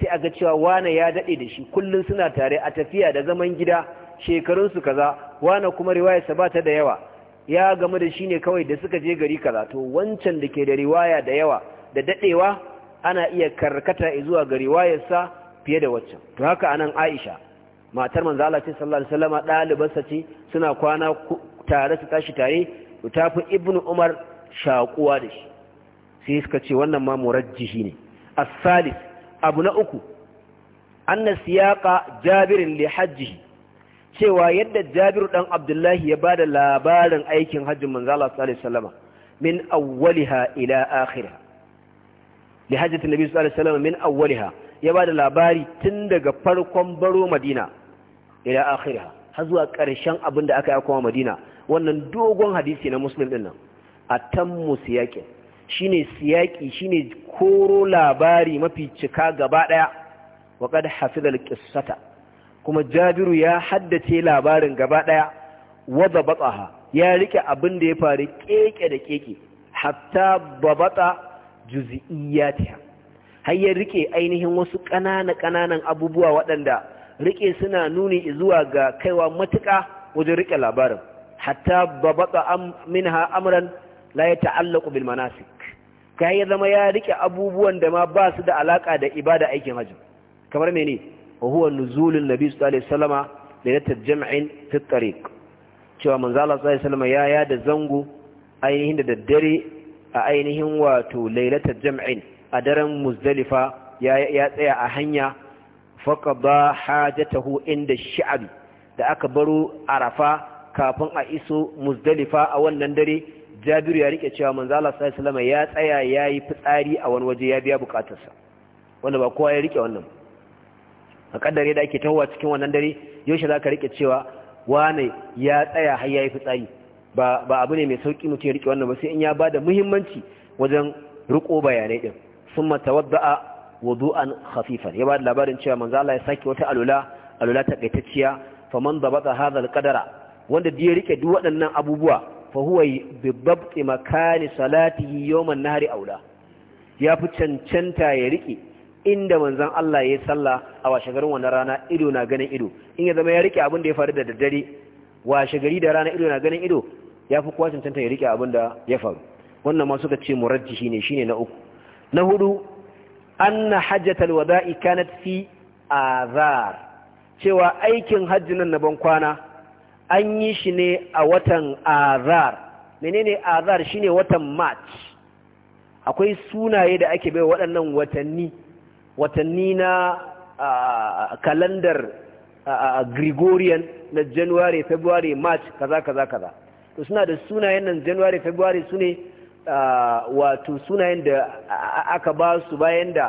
sai a ga cewa wane ya daɗe da shi kullum suna tare a tafiya da zaman gida shekarunsu kaza wana kuma riwayarsa ba ta da yawa ya gamu da shi ne kawai da suka je gari kaza to wancan da ke da riwaya da yawa da dadewa ana iya karkata zuwa ga riwayarsa fiye da waccan to haka anan aisha matar manzo Allah ta sallallahu alaihi wasallam sa ce suna kwana tare su tashi tare ta fi ibnu umar shakuwa da shi sai suka ce wannan ma murajjihi ne as-salis abu na uku anna siyaqa jabirin li hajjihi cewa yadda jabiru ɗan abdullahi ya ba da labarin aikin hajjin manzala sallallahu alaihi wasallam min awwaliha ila akhirha li hajjati nabi sallallahu alaihi wasallam min awwaliha ya ba da labari tun daga farkon baro madina ila akhirha har zuwa ƙarshen abin da aka yi kuma madina wannan dogon hadisi na muslim din nan atammu siyaqin shine siyaqi shine koro labari mafi cika gaba daya wa qad hafizal qissata kuma jabiru ya haddace labarin gaba ɗaya wadda batsaha ya rike abin da ya faru keke da keke hatta babata juzi'iyyatiha har ya rike ainihin wasu ƙanana ƙananan abubuwa waɗanda rike suna nuni zuwa ga kaiwa matuƙa wajen rike labarin hatta babata minha amran la ya ta'allaku bil manasik kai ya zama ya rike abubuwan da ma ba su da alaƙa da ibada aikin hajji kamar mene huwa nuzulun nabi sallallahu alaihi wasallama lailatul jam'in fi tariq cewa manzo Allah sallallahu alaihi wasallama ya ya da zango ainihin da daddare a ainihin wato lailatul jam'in a daren muzdalifa ya ya tsaya a hanya faqada hajatahu inda shi'abi da aka baro arafa kafin a iso muzdalifa a wannan dare jabiru ya rike cewa manzo Allah sallallahu alaihi wasallama ya tsaya yayi fitsari a wani waje ya biya bukatarsa wanda ba kowa ya rike wannan ba a kaddare da ake tahowa cikin wannan dare yaushe za ka rike cewa wane ya tsaya har ya yi fitsari ba abu ne mai sauƙi mutum ya rike wannan ba sai in ya ba da muhimmanci wajen riko bayanai din sun matawadda'a wudu'an khafifan ya ba da labarin cewa manzo Allah ya saki wata alula alula ta fa man zabata hadha alqadara wanda da ya rike duk waɗannan abubuwa fa huwa bi makani salatihi yawman nahari aula ya fi cancanta ya rike inda manzon Allah ya yi sallah a washegarin wannan rana ido na ganin ido in ya zama ya rike abin da ya faru da daddare washegari da rana ido na ganin ido ya fi kowa cancanta ya rike abin da ya faru wannan ma suka ce shi ne shine na uku na hudu anna hajjatal wada'i kanat fi azar cewa aikin hajji nan na ban kwana an yi shi ne a watan azar menene azar shine watan march akwai sunaye da ake bai waɗannan watanni watanni na kalandar gregorian na january february march kaza kaza kaza to suna da sunayen nan january february su wato sunayen da aka ba su bayan da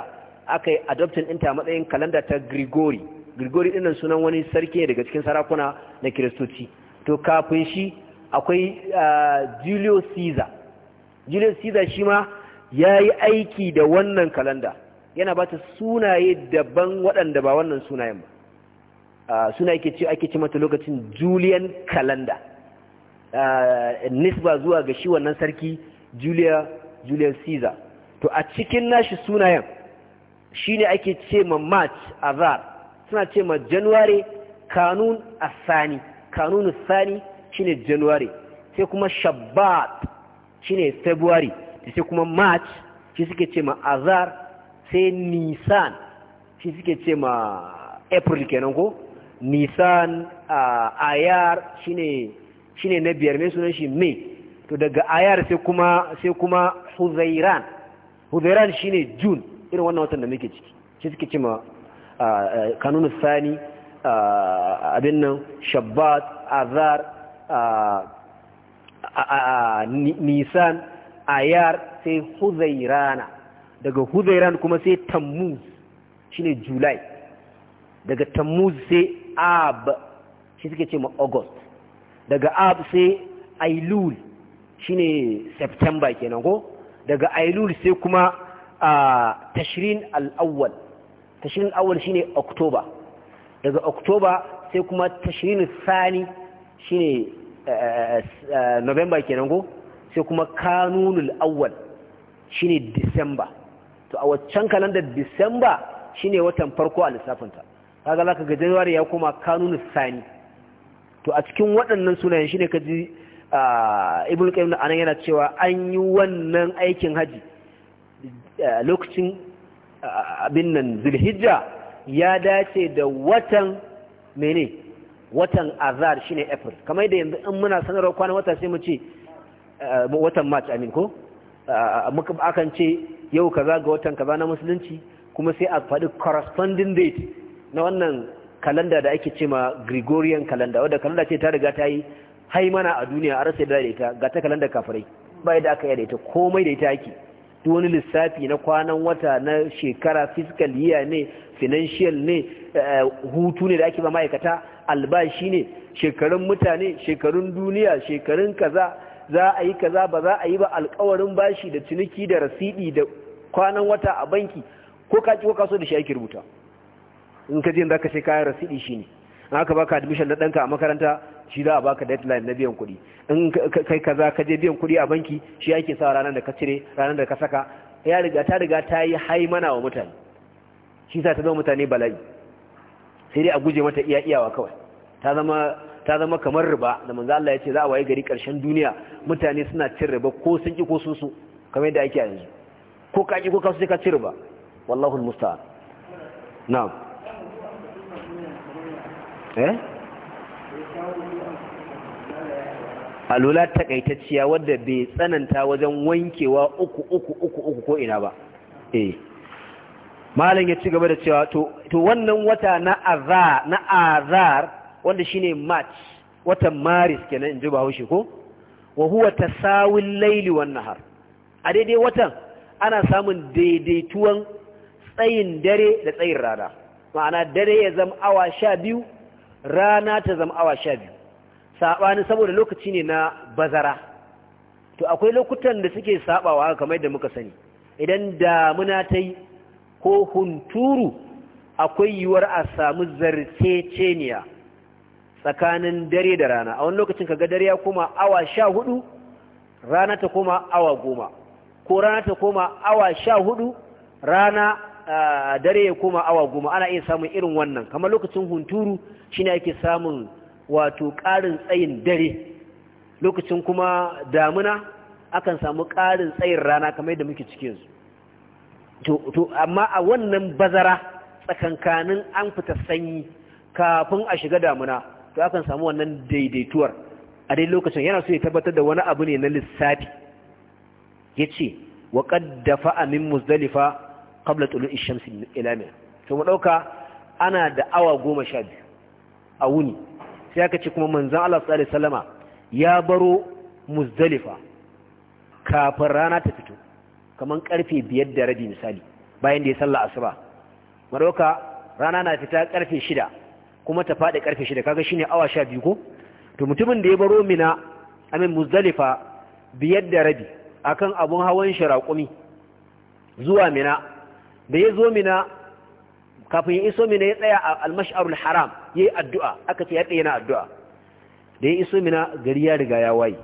aka yi adoptin ɗinta a matsayin kalanda ta grigori grigori ɗinnan sunan wani sarki ne daga cikin sarakuna na kiristoci to kafin shi akwai julius caesar julius caesar shi ma ya yi aiki da wannan kalanda yana ba ta sunaye daban waɗanda ba wannan sunayen ba suna yake ce ake ce mata lokacin julian calendar nisba zuwa ga shi wannan sarki julia julian caesar to a cikin nashi sunayen shi ne ake ce ma march azar suna ce ma january kanun asani kanun sani shi ne january sai kuma shabbat shi ne february sai kuma march shi suke ce ma azar sai nisan shi suke ce ma april kenan ko nisan uh, ayar shine ne na biyar mai sunan shi mai to daga ayar sai kuma sai kuma huzairan huzairan shine jun irin wannan watan da muke ciki shi suke ce ma uh, uh, kanunu sani abin nan shabbat azar nisan ayar sai huzairana daga huzairan kuma sai tammuz shine july daga tammuz sai ab shi suke ce ma august daga ab sai ailul shine september kenan ko daga ailul sai kuma tashrin al'awwal awwal tashrin al-awwal shine october daga october sai kuma tashirin sani shine november kenan ko sai kuma kanunul awwal shine december to a waccan kalandar disamba shine watan farko a lissafinta kaga zaka ga january ya koma kanun sani to a cikin waɗannan sunayen shine ka ji ibn qayyim anan yana cewa an yi wannan aikin haji lokacin abin nan zulhijja ya dace da watan mene watan azar shine april kamar da yanzu in muna sanarwa kwanan wata sai mu ce watan march amin ko muka akan ce yau kaza ga watan kaza na musulunci kuma sai a faɗi corresponding date na wannan kalanda da ake ce ma Gregorian kalanda wadda kalanda ce ta riga ta yi hai mana a duniya a rasa da ita ga ta kalanda kafirai ba da aka yi da ita komai da ita ake duk wani lissafi na kwanan wata na shekara fiscal year ne financial ne eh, eh, hutu ne da ake ba ma'aikata albashi ne shekarun mutane shekarun duniya shekarun kaza za a yi kaza ba za a yi ba alkawarin bashi da ciniki da rasidi da kwanan wata a banki ko ka ci ko kaso da shi ake rubuta in ka je zaka sai kayan rasidi shine in aka baka admission na danka a makaranta shi za a baka deadline na biyan kuɗi in kai kaza ka je biyan kuɗi a banki shi ake sa ranar da ka cire ranar da ka saka ya riga ta riga ta yi haimana wa mutane shi sa ta zama mutane bala'i sai dai a guje mata iya iyawa kawai ta zama ta zama kamar riba da manzo Allah ya ce za a waye gari karshen duniya mutane suna cin riba ko sun ki ko sun su kamar yadda ake yanzu ko ka ki ko ka su ka cin riba wallahu almusta'an na'am eh alula takaitacciya wadda bai tsananta wajen wankewa uku uku uku uku ko ina ba eh malam ya ci gaba da cewa to wannan wata na azar na azar wanda shine march watan maris kenan in ji bahaushe ko wa huwa tasawil laili wan nahar a daidai watan ana samun daidaituwan tsayin dare da tsayin rana ma'ana dare ya zama awa sha rana ta zama awa sha biyu saɓani saboda lokaci ne na bazara to akwai lokutan da suke saɓawa kamar da muka sani idan damuna ta yi ko hunturu akwai yiwuwar a samu zarceceniya tsakanin dare da rana a wani lokacin kaga dare ya koma awa sha hudu rana ta koma awa goma ko rana ta koma awa sha hudu rana dare ya koma awa goma ana iya samun irin wannan kamar lokacin hunturu shine ake samun wato ƙarin tsayin dare lokacin kuma damuna akan samu ƙarin tsayin rana kamar yadda muke cikin su to amma a wannan bazara tsakankanin an fita sanyi kafin a shiga damuna to akan samu wannan daidaituwar a dai lokacin yana so ya tabbatar da wani abu ne na lissafi yace wa qad dafa min muzdalifa qabla tulu'i shamsi ila to mu dauka ana da awa 12 a wuni sai aka ce kuma manzon Allah sallallahu alaihi ya baro muzdalifa kafin rana ta fito kaman karfe biyar da rabi misali bayan da ya sallah asuba mu dauka rana na fita karfe shida. kuma ta faɗi ƙarfe shida kaga shine awa sha biyu ko to mutumin da ya baro mina amin muzdalifa biyar da rabi kan abun hawan shi raƙumi zuwa mina da ya zo mina kafin ya iso mina ya tsaya a almash'arul haram ya yi addu'a aka ce ya ɗaya na addu'a da ya iso mina gari ya riga ya waye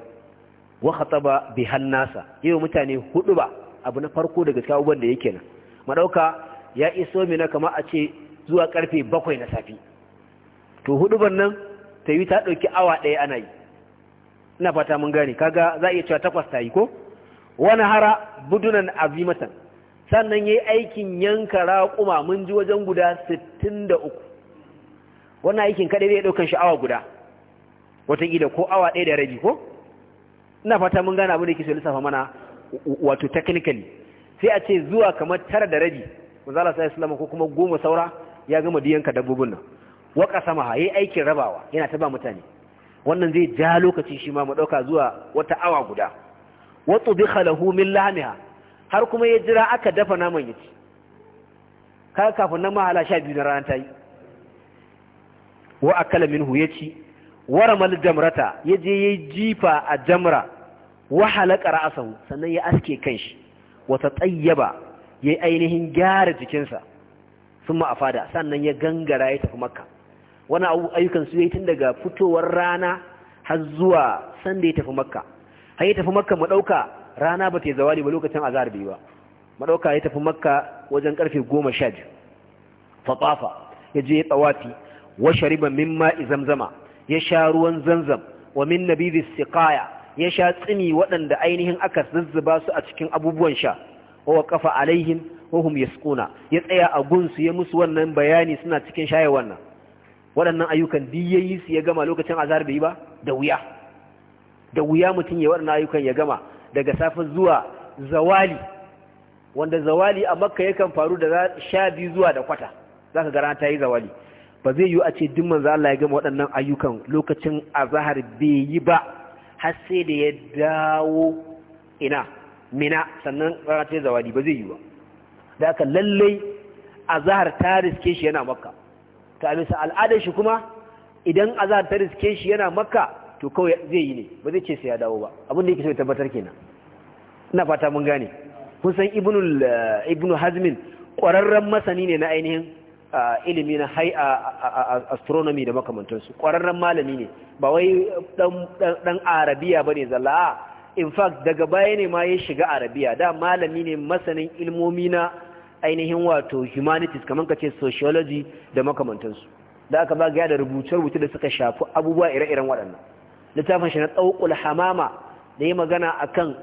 wa ba bi hannasa yau mutane hudu ba abu na farko daga cikin abubuwan da yake nan madauka ya iso mina kamar a ce zuwa karfe bakwai na safi to hudubar nan ta yi ta ɗauki awa ɗaya ana yi ina fata mun gane kaga za a iya cewa takwas ta yi ko wani hara budunan abimatan. sannan ya yi aikin yanka raƙuma mun ji wajen guda sittin da uku. wannan aikin kaɗai zai ɗaukan sha'awa guda wataƙila ko awa ɗaya da rabi ko ina fata mun gane abu da ke so lissafa mana wato technically sai a ce zuwa kamar tara da rabi manzala sai islamu ko kuma goma saura ya gama diyanka dabbobin nan sama ha yi aikin rabawa yana ta ba mutane wannan zai ja lokaci shi ma mu ɗauka zuwa wata awa guda wato bi khalahu min lahmiha har kuma ya jira aka dafa naman yace kaga kafin nan mahala biyu na rana ta yi wa akala minhu yaci waramal jamrata yaje yayi jifa a jamra wa halaka ra'asahu, sannan ya aske kanshi wata tayyaba yayi ainihin gyara jikinsa thumma afada sannan ya gangara ya tafi makka wani ayyukan su yai tun daga fitowar rana har zuwa sanda ya tafi makka har ya tafi makka madauka, rana ba ta zawali ba lokacin a bai ba Madauka ya tafi makka wajen karfe sha fa tafa ya je tawafi wa shariba mimma zamzama ya sha ruwan zamzam wa min nabidhi siqaya ya sha tsini waɗanda ainihin aka zazzaba su a cikin abubuwan sha wa kafa alaihim wahum yasquna ya tsaya a gunsu ya musu wannan bayani suna cikin shaye wannan waɗannan ayyukan duk yayi su ya gama lokacin azhar bai ba da wuya da wuya mutum ya waɗannan ayyukan ya gama daga safe zuwa zawali wanda zawali a makka yakan faru da sha biyu zuwa da kwata za ka gara ta yi zawali ba zai yi a ce duk manzo Allah ya gama waɗannan ayyukan lokacin azhar bai yi ba har sai da ya dawo ina mina sannan rana ta yi zawali ba zai yi ba da aka lallai azhar ta riske shi yana makka ta bisa al'adar shi kuma idan azhar ta riske shi yana makka to kawai zai yi ne ba zai ce sai ya dawo ba abin da yake so ya tabbatar kenan ina fata mun gane kun san eh, ibnu hazmin ƙwararren masani ne na ainihin eh, ilimi na hai astronomy da makamantansu ƙwararren malami ne ba wai ɗan arabiya ba ne zalla in fact daga baya ne ma ya shiga arabiya da malami ne masanin ilmomi na ainihin wato humanities kamar ka ce sociology da makamantansu da aka ga da rubuce-rubuce da suka shafi abubuwa ire-iren waɗannan littafin shi na tsaukul hamama da yi magana a kan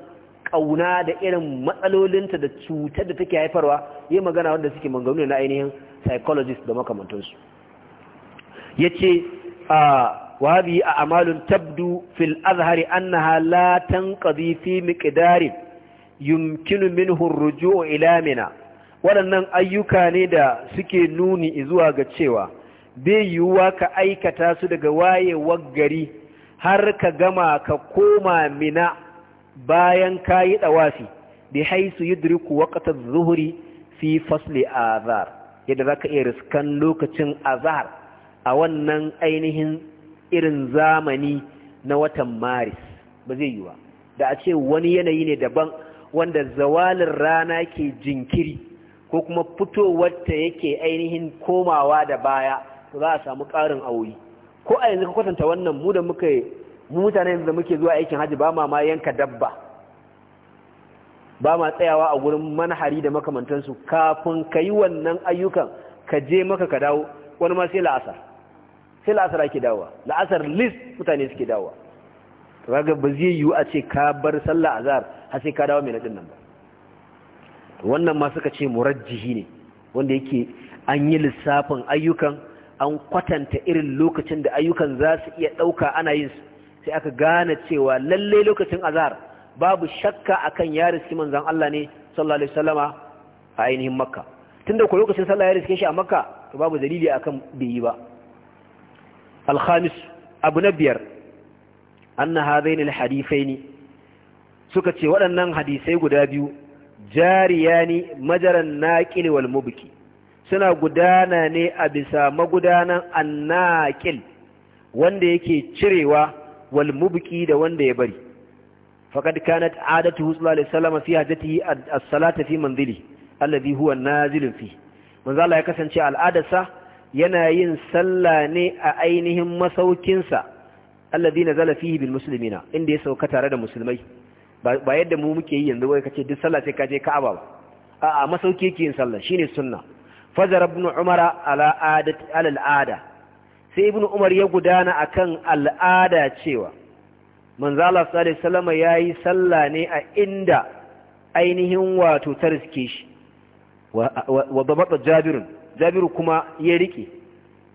ƙauna da irin matsalolinta da cutar da take haifarwa yi magana wanda suke maganganu na ainihin psychologist da makamantansu ya ce a haɗi a amalin tabdu fil azhari annaha na halatan ƙazifi miqdarin yumkinu minhu rujuu ila mina waɗannan ayyuka ne da suke nuni zuwa ga cewa bai yiwuwa ka aikata su daga wayewar gari har ka gama ka koma mina bayan ka yi ɗawafi bi haisu yudriku waqtar zuhuri fi fasli azar. yadda za ka iya riskan lokacin azar a wannan ainihin irin zamani na watan maris ba zai yiwuwa da a ce wani yanayi ne daban wanda zawalin rana ke jinkiri ko kuma fitowar ta yake ainihin komawa da baya to za a samu ƙarin awoyi ko a yanzu ka kwatanta wannan mu da muka mu mutane da muke zuwa aikin haji ba ma ma yanka dabba ba ma tsayawa a gurin manhari da makamantansu kafin ka yi wannan ayyukan ka je maka ka dawo wani ma sai la'asar sai la'asar ake dawowa la'asar list mutane suke dawowa kaga ba zai yiwu a ce ka bar sallah azhar har sai ka dawo mai nadin nan ba wannan ma suka ce murajjihi ne wanda yake an yi lissafin ayyukan an kwatanta irin lokacin da ayyukan za su iya ɗauka ana yin su sai aka gane cewa lallai lokacin azar babu shakka akan ya riski manzan Allah ne sallallahu alaihi wasallama a ainihin makka tunda ko lokacin sallah ya riske shi a makka to babu dalili akan bai yi ba al-khamis abu na biyar anna hadaini al-hadithaini suka ce waɗannan hadisai guda biyu jariyani majaran naqil wal mubki suna gudana ne a bisa magudanan annaqil wanda yake cirewa wal mubki da wanda ya bari faqad kanat adatu sallallahu alaihi wasallam fi hajatihi as-salata fi manzili alladhi huwa nazilun fi manzo Allah ya kasance al'adarsa yana yin sallah ne a ainihin masaukinsa alladhi nazala fihi bil muslimina inda ya sauka tare da musulmai ba yadda mu muke yi yanzu wai kace duk sallah sai ka je Ka'aba ba a'a masauki yake yin sallah shine sunna fajar ibn umar ala adat al'ada sai ibn umar ya gudana akan al'ada cewa manzo Allah sallallahu alaihi wasallam yayi sallah ne a inda ainihin wato tarske shi wa babata Jabir jabiru kuma ya rike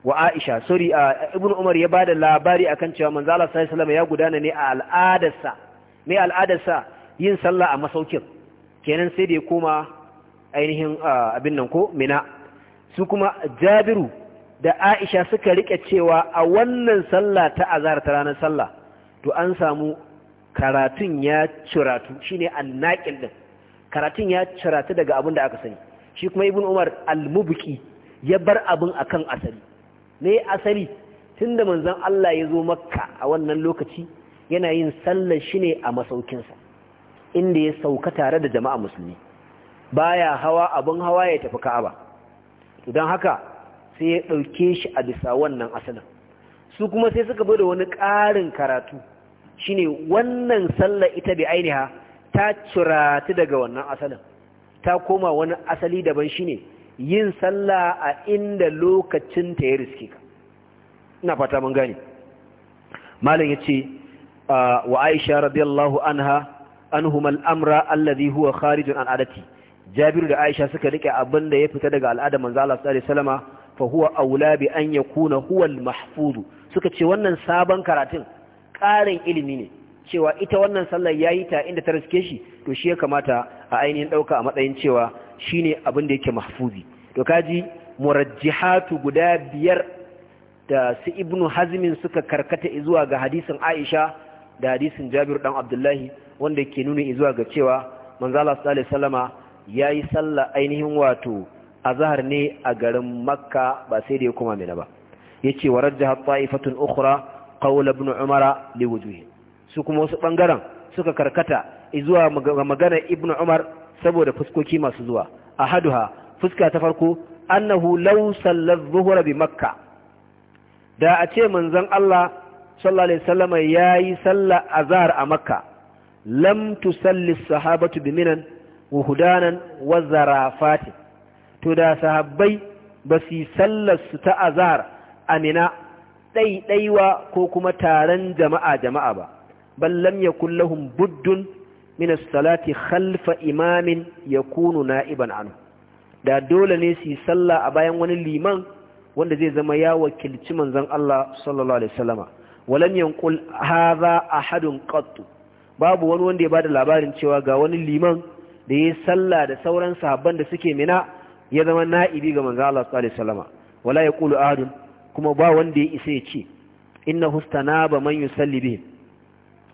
wa Aisha sorry ibn umar ya bada labari akan cewa manzo Allah sallallahu alaihi wasallam ya gudana ne a al'adarsa mai al'adarsa yin sallah a masaukin kenan sai da ya koma ainihin abin nan ko mina su kuma jabiru da aisha suka rike cewa a wannan sallah ta azhar ta ranar sallah to an samu karatun ya ciratu shine annaqil ɗin karatun ya ciratu daga abin da aka sani shi kuma ibn umar al mubuki ya bar abin akan asali ne asali tunda manzan Allah ya zo makka a wannan lokaci yana yin sallar shi ne a masaukinsa inda ya sauka tare da jama'a musulmi baya hawa abin hawa ya tafi ka'aba to don haka sai ya ɗauke shi a bisa wannan asalin su kuma sai suka bude wani ƙarin karatu shine wannan sallar ita bi ainiha ta cirati daga wannan asalin ta koma wani asali daban shine yin sallah a inda lokacin ta ya riske ka ina fata mun gane malam yace wa aisha radiyallahu anha anhumal amra alladhi huwa kharijun an adati jabiru da aisha suka rike abinda ya fita daga Al'ada manzo Allah sallallahu alaihi wasallama fa huwa aula bi an yakuna huwa al-mahfuz suka ce wannan sabon karatun karin ilimi ne cewa ita wannan sallar yayi ta inda ta riske shi to shi ya kamata a ainihin dauka a matsayin cewa shine abin da yake mahfuzi to kaji murajjihatu guda biyar da su ibnu hazmin suka karkata zuwa ga hadisin aisha da hadisin Jabir dan Abdullahi wanda yake nuna izuwa ga cewa manzo Allah sallallahu alaihi wasallama yayi sallah ainihin wato azhar ne a garin Makka ba sai da ya koma Mina ba yace wa rajjaha ta'ifatun ukhra qaul ibn Umar li wujuhi su kuma wasu bangaren suka karkata zuwa magana ibn Umar saboda fuskoki masu zuwa ahaduha fuska ta farko annahu law sallal dhuhra bi Makka da a ce manzon Allah sallallahu alaihi wasallam yayi sallar azhar a makka lam tusalli sahabatu bi minan wa hudanan to da sahabbai ba su sallar su ta azhar a mina ɗaiɗaiwa ko kuma taron jama'a jama'a ba bal lam yakul lahum buddun min as-salati khalfa imamin yakunu na'iban anhu da dole ne su sallah a bayan wani liman wanda zai zama ya wakilci manzon Allah sallallahu alaihi wasallama walam yanqul hadha ahadun qattu babu wani wanda ya bada labarin cewa ga wani liman da ya sallah da sauran sahabban da suke mina ya zama na'ibi ga manzo Allah sallallahu alaihi wasallam wala yaqulu ahadun kuma ba wanda ya isa ya ce innahu stanaba man yusalli bihi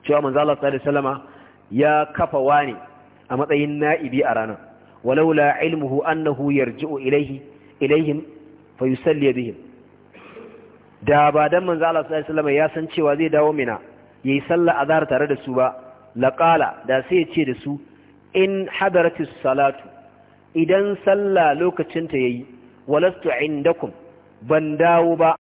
cewa manzo Allah sallallahu alaihi wasallam ya kafa wani a matsayin na'ibi a ranar walaula ilmuhu annahu yarji'u ilayhi ilayhim fayusalli bihim da ba dan manzo Allah sallallahu alaihi wasallam ya san cewa zai dawo mina yayi sallah azhar tare da su ba laqala da sai ya ce da su in hadaratis salatu idan sallah lokacin ta yayi walastu indakum ban dawo ba